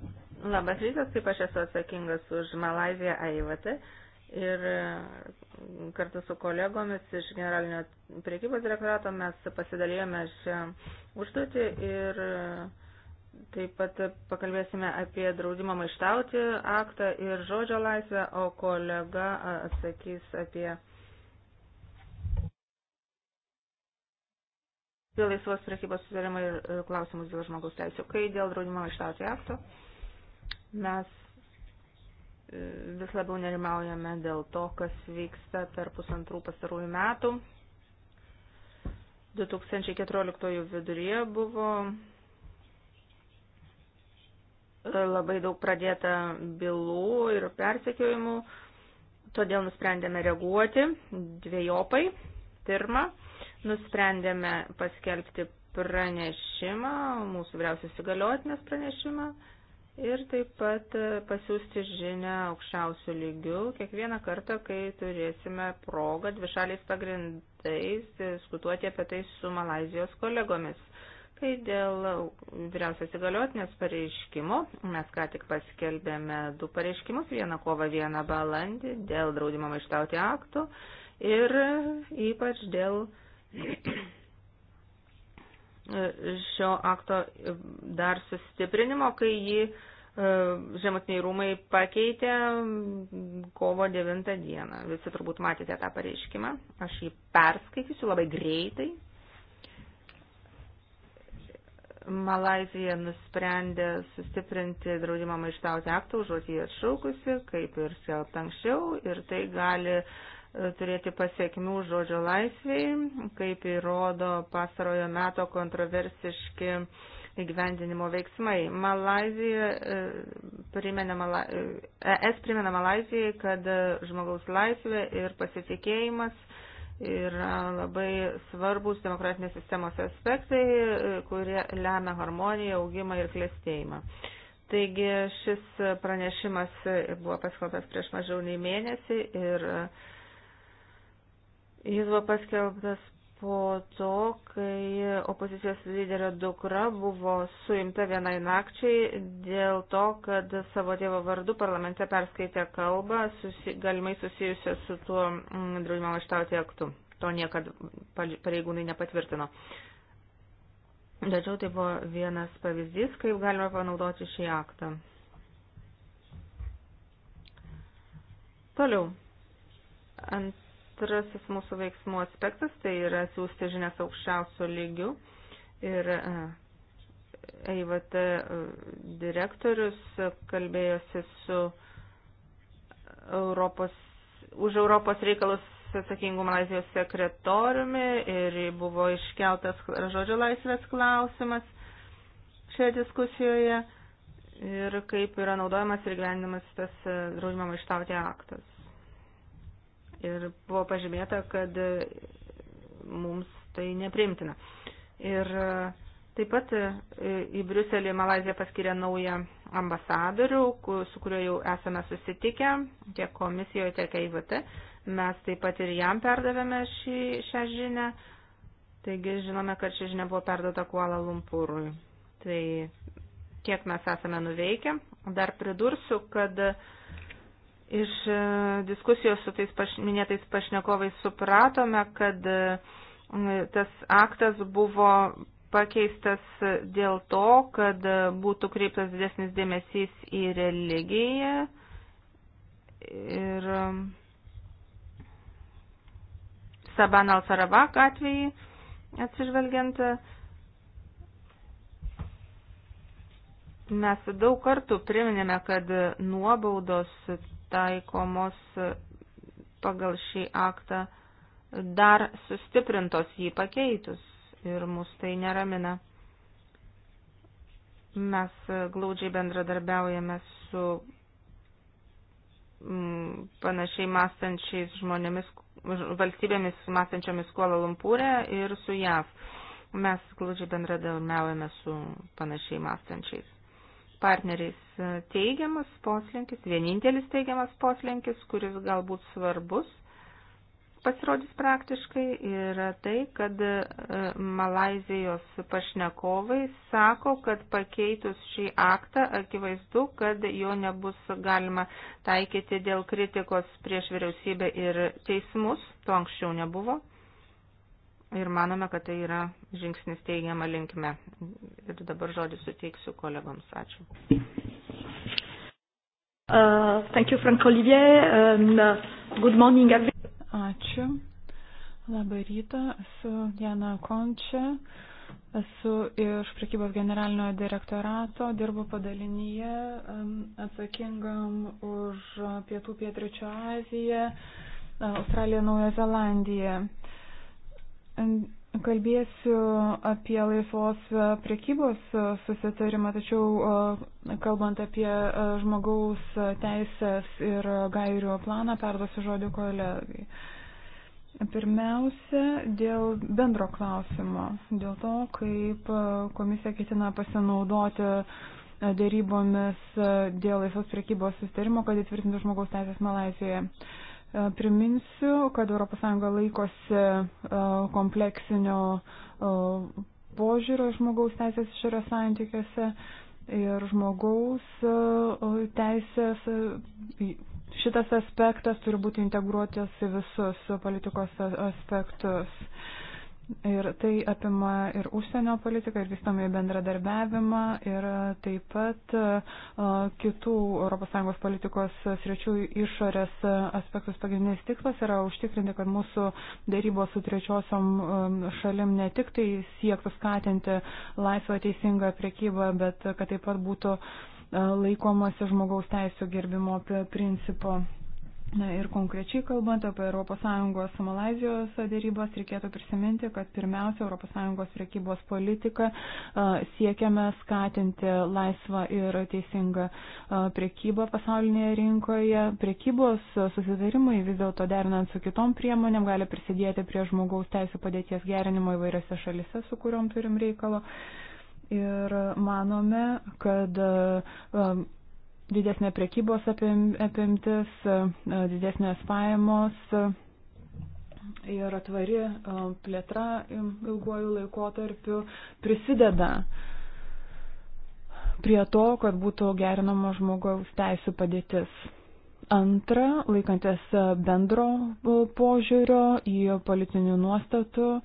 Labas rytas, kaip aš esu atsakingas už Malaziją AIVT ir e, kartu su kolegomis iš generalinio priekybos direktorato mes pasidalėjome šią užduotį ir uh, Taip pat pakalbėsime apie draudimą maištauti aktą ir žodžio laisvę, o kolega atsakys apie dėl laisvos prekybos susitarimą ir klausimus dėl žmogaus teisų. Kai dėl draudimo maištauti akto, mes e, vis labiau nerimaujame dėl to, kas vyksta per pusantrų pastarųjų metų. 2014 viduryje buvo labai daug pradėta bylų ir persekiojimų, todėl nusprendėme reaguoti dviejopai. Pirma, nusprendėme paskelbti pranešimą, mūsų vyriausios įgaliotinės pranešimą ir taip pat e, pasiūsti žinę aukščiausių lygių kiekvieną kartą, kai turėsime progą dvišaliais pagrindais diskutuoti apie tai su Malazijos kolegomis. Kai dėl vyriausios įgaliotinės pareiškimo, mes ką tik paskelbėme du pareiškimus, vieną kovą, vieną balandį, dėl draudimo maištauti aktų ir ypač dėl šio akto dar sustiprinimo, kai jį e, žemutiniai rūmai pakeitė kovo 9 dieną. Visi turbūt matėte tą pareiškimą. Aš jį perskaitysiu labai greitai. Malazija nusprendė sustiprinti draudimą maištauti aktą, užuot jį atšaukusi, kaip ir skelbta anksčiau, ir tai gali e, turėti pasiekmių žodžio laisviai, kaip įrodo pastarojo meto kontroversiški įgyvendinimo veiksmai. Malazija, e, primena, ES e primena Malazijai, kad žmogaus laisvė ir pasitikėjimas yra labai svarbus demokratinės sistemos aspektai, kurie lemia harmoniją, augimą ir klėstėjimą. Taigi šis pranešimas buvo paskelbtas prieš mažiau nei mėnesį ir jis buvo paskelbtas po to, kai opozicijos lyderio dukra buvo suimta vienai nakčiai dėl to, kad savo tėvo vardu parlamente perskaitė kalbą susi, galimai susijusią su tuo mm, draudimo maštauti aktu. To niekad pareigūnai nepatvirtino. Tačiau tai buvo vienas pavyzdys, kaip galima panaudoti šį aktą. Toliau. Ant antrasis mūsų veiksmų aspektas, tai yra siūsti žinias aukščiausio lygių ir EIVT e, direktorius kalbėjosi su Europos, už Europos reikalus atsakingų Malazijos sekretoriumi ir buvo iškeltas žodžio laisvės klausimas šioje diskusijoje ir kaip yra naudojamas ir gyvenimas tas e, draudimą maištauti aktas ir buvo pažymėta, kad mums tai neprimtina. Ir e, taip pat e, į Briuselį Malazija paskiria naują ambasadorių, su kuriuo jau esame susitikę, tiek komisijoje, tiek EIVT. Mes taip pat ir jam perdavėme šį, šią žinę. Taigi žinome, kad ši žinia buvo perduota Kuala Lumpūrui. Tai kiek mes esame nuveikę. Dar pridursiu, kad uh, Iš e, diskusijos su tais paš, minėtais pašnekovais supratome, kad e, tas aktas buvo pakeistas dėl to, kad e, būtų kreiptas didesnis dėmesys į religiją ir Saban al-Sarabak atvejį atsižvelgiant. Mes daug kartų priminėme, kad nuobaudos taikomos pagal šį aktą dar sustiprintos jį pakeitus ir mus tai neramina. Mes glaudžiai bendradarbiaujame su mm, panašiai mąstančiais žmonėmis, valstybėmis mąstančiomis Kuala Lumpūrė ir su JAV. Mes glaudžiai bendradarbiaujame su panašiai mąstančiais partneriais e, teigiamas poslinkis, vienintelis teigiamas poslinkis, kuris galbūt svarbus pasirodys praktiškai, yra tai, kad e, Malazijos pašnekovai sako, kad pakeitus šį aktą akivaizdu, kad jo nebus galima taikyti dėl kritikos prieš vyriausybę ir teismus, to anksčiau nebuvo ir manome, kad tai yra žingsnis teigiama linkme. Ir dabar žodį suteiksiu kolegoms. Ačiū. Uh, thank you, Frank Olivier. Um, good morning, everyone. Ačiū. Labą rytą. Esu Diana Končia. Esu iš prekybos generalinio direktorato, dirbu padalinyje um, atsakingam už Pietų Pietričio Aziją, Australiją, Naują Zelandiją. Kalbėsiu apie laisvos priekybos susitarimą, tačiau e, kalbant apie e, žmogaus teisės ir gairių planą, perduosiu žodį kolegai. Pirmiausia, dėl bendro klausimo, dėl to, kaip e, komisija ketina pasinaudoti dėrybomis dėl laisvos priekybos susitarimo, kad įtvirtintų žmogaus teisės Malazijoje. E, priminsiu, kad ES laikosi e, kompleksinio e, požiūrio žmogaus teisės išorės santykiuose ir žmogaus teisės šitas aspektas turi būti integruotas į visus politikos aspektus. Ir tai apima ir užsienio politiką, ir vystomąjį bendradarbiavimą, ir taip pat e, kitų ES politikos sričių išorės aspektus. Pagrindinis tikslas yra užtikrinti, kad mūsų dėrybos su trečiosiom e, šalim ne tik tai siektų skatinti laisvą teisingą priekybą, bet kad taip pat būtų e, laikomasi žmogaus teisų gerbimo principo. Na ir konkrečiai kalbant apie ES Malazijos dėrybos, reikėtų prisiminti, kad pirmiausia, ES priekybos politika siekiame skatinti laisvą ir teisingą priekybą pasaulinėje rinkoje. Priekybos susitarimai vis dėlto derinant su kitom priemonėm gali prisidėti prie žmogaus teisų padėties gerinimo įvairiose šalise, su kuriuom turim reikalo. Ir manome, kad didesnė prekybos apimtis, e, didesnės pajamos e, ir atvari e, plėtra ilguoju laikotarpiu prisideda prie to, kad būtų gerinama žmogaus teisų padėtis. Antra, laikantis bendro požiūrio į politinių nuostatų e,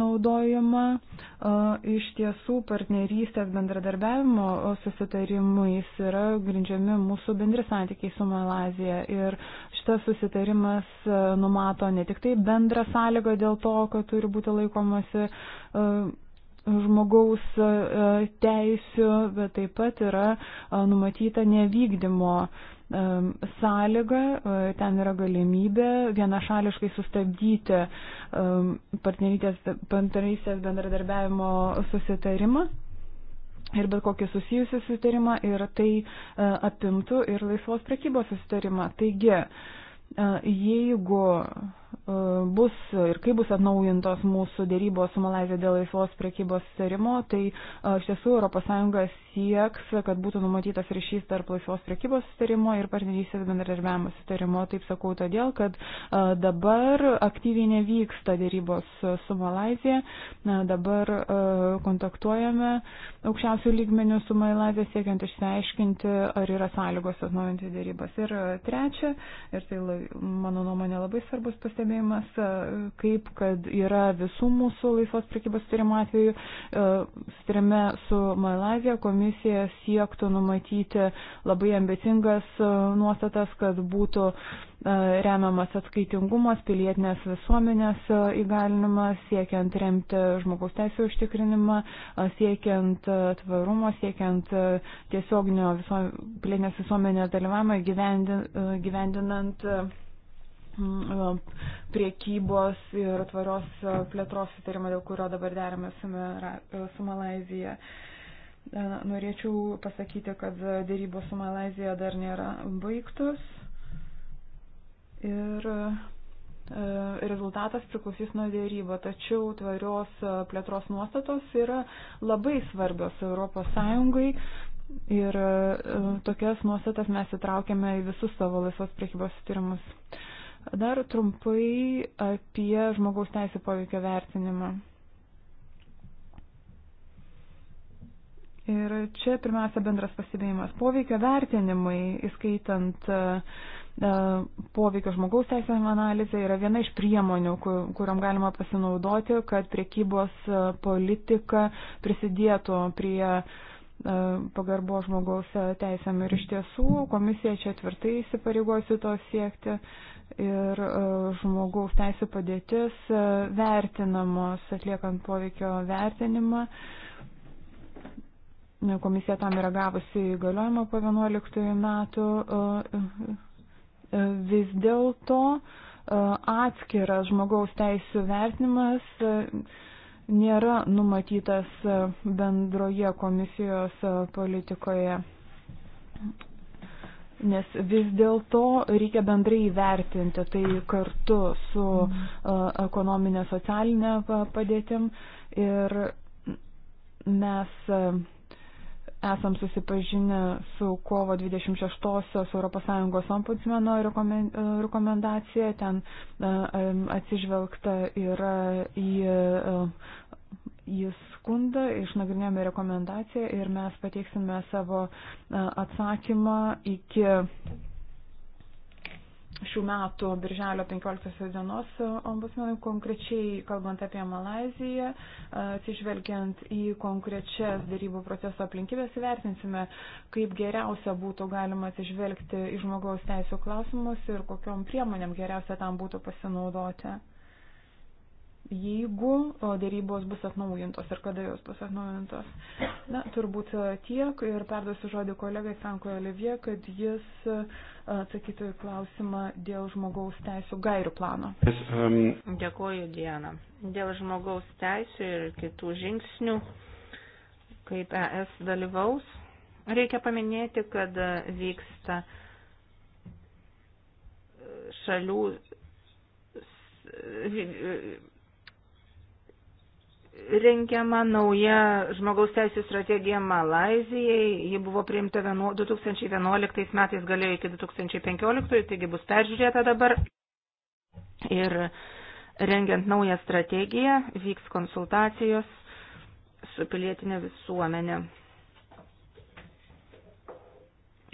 naudojimą, e, iš tiesų partnerystės bendradarbiavimo susitarimais yra grindžiami mūsų bendri santykiai su Malazija. Ir šitas susitarimas e, numato ne tik tai bendrą sąlygą dėl to, kad turi būti laikomasi žmogaus teisių, bet taip pat yra numatyta nevykdymo sąlyga, e, ten yra galimybė vienašališkai sustabdyti partnerystės bendradarbiavimo susitarimą ir bet kokį susijusią susitarimą ir tai e, apimtų ir laisvos prekybos susitarimą. Taigi, e, jeigu E, bus ir kaip bus atnaujintos mūsų dėrybos su Malazija dėl laisvos priekybos sutarimo, tai e, iš tiesų ES sieks, kad būtų numatytas ryšys tarp laisvos priekybos sutarimo ir partnerystės bendradarbiavimo sutarimo. Taip sakau todėl, kad e, dabar aktyviai nevyksta dėrybos su Malazija, dabar kontaktuojame aukščiausių lygmenių su Malazija siekiant išsiaiškinti, ar yra sąlygos atnaujinti dėrybas. Ir trečia, ir tai mano nuomonė labai svarbus pasirinkimas, pastebėjimas, e, kaip kad yra visų mūsų laisvos prekybos tyrimo atveju. E, Strime su Malazija komisija siektų numatyti labai ambicingas e, nuostatas, kad būtų remiamas atskaitingumas, pilietinės visuomenės įgalinimas, siekiant remti žmogaus teisų užtikrinimą, siekiant tvarumo, siekiant tiesioginio visuom, pilietinės visuomenės dalyvavimą gyvendinant priekybos ir tvarios plėtros sutarimą, dėl kurio dabar derame su Malazija. Norėčiau pasakyti, kad dėrybos su Malazija dar nėra baigtos ir rezultatas priklausys nuo dėrybo, tačiau tvarios plėtros nuostatos yra labai svarbios ES ir tokias nuostatas mes įtraukėme į visus savo laisvos priekybos sutarimus. Dar trumpai apie žmogaus teisų poveikio vertinimą. Ir čia pirmiausia bendras pastebėjimas. Poveikio vertinimai, įskaitant e, e, poveikio žmogaus teisėm analizė, yra viena iš priemonių, kuriam galima pasinaudoti, kad priekybos e, politika prisidėtų prie uh, E, pagarbo žmogaus teisėm. Ir iš tiesų komisija čia tvirtai įsipareigosi to siekti ir e, žmogaus teisų padėtis e, vertinamos atliekant poveikio vertinimą. Komisija tam yra gavusi įgaliojimą po 11 metų. Vis dėlto atskiras žmogaus teisų vertinimas nėra numatytas e, bendroje komisijos e, politikoje. Nes vis dėlto reikia bendrai įvertinti tai kartu su uh, ekonominė socialinė padėtim ir mes uh, esam susipažinę su kovo 26-osios ES ombudsmeno rekomendacija. Ten e, e, atsižvelgta yra į, e, į skundą, išnagrinėjome rekomendaciją ir mes pateiksime savo atsakymą iki šių metų birželio 15 dienos e, ombudsmenui, konkrečiai kalbant apie Malaziją, e, atsižvelgiant į konkrečias darybų proceso aplinkybės, įvertinsime, kaip geriausia būtų galima atsižvelgti į žmogaus teisų klausimus ir kokiom priemonėm geriausia tam būtų pasinaudoti. Jeigu e, dėrybos bus atnaujintos ir kada jos bus atnaujintos. Na, turbūt tiek ir perduosiu žodį kolegai Franko Olivie, kad jis uh, atsakytų į klausimą dėl žmogaus teisų gairių plano. Um, Dėkuoju, Diana. Dėl žmogaus teisų ir kitų žingsnių, kaip ES dalyvaus, reikia paminėti, kad vyksta šalių rengiama nauja žmogaus teisų strategija Malazijai. Ji buvo priimta 2011 metais, galėjo iki 2015, taigi bus peržiūrėta dabar. Ir rengiant naują strategiją vyks konsultacijos su pilietinė visuomenė.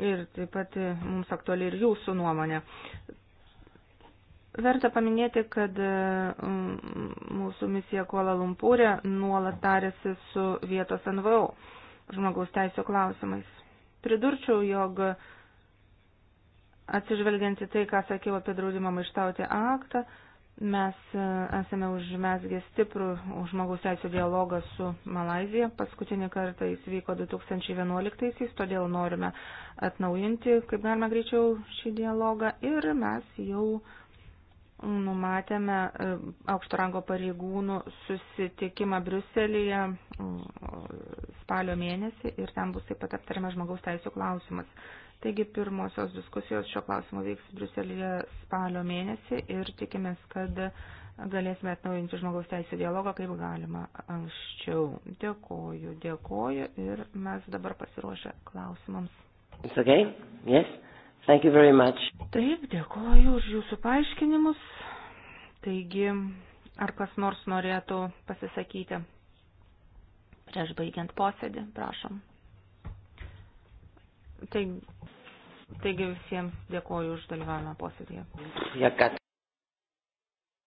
Ir taip pat mums aktuali ir jūsų nuomonė. Verta paminėti, kad e, mūsų misija Kuala Lumpūrė nuolat tarėsi su vietos NVO žmogaus teisų klausimais. Pridurčiau, jog atsižvelgiant į tai, ką sakiau apie draudimą maištauti aktą, mes e, esame užmesgę stiprų žmogaus teisų dialogą su Malazija. Paskutinį kartą jis vyko 2011-aisiais, todėl norime atnaujinti, kaip galima greičiau, šį dialogą ir mes jau numatėme e, aukšto rango pareigūnų susitikimą Briuselėje mm, spalio mėnesį ir ten bus taip pat aptariamas žmogaus teisų klausimas. Taigi pirmosios diskusijos šio klausimo vyks Briuselėje spalio mėnesį ir tikimės, kad galėsime atnaujinti žmogaus teisų dialogą kaip galima anksčiau. Dėkoju, dėkoju ir mes dabar pasiruošę klausimams. It's okay? Yes? Thank you very much. Taip, dėkoju už jūsų paaiškinimus. Taigi, ar kas nors norėtų pasisakyti prieš baigiant posėdį, prašom. Taigi, taigi visiems dėkoju už dalyvavimą posėdėje. Ja, kad...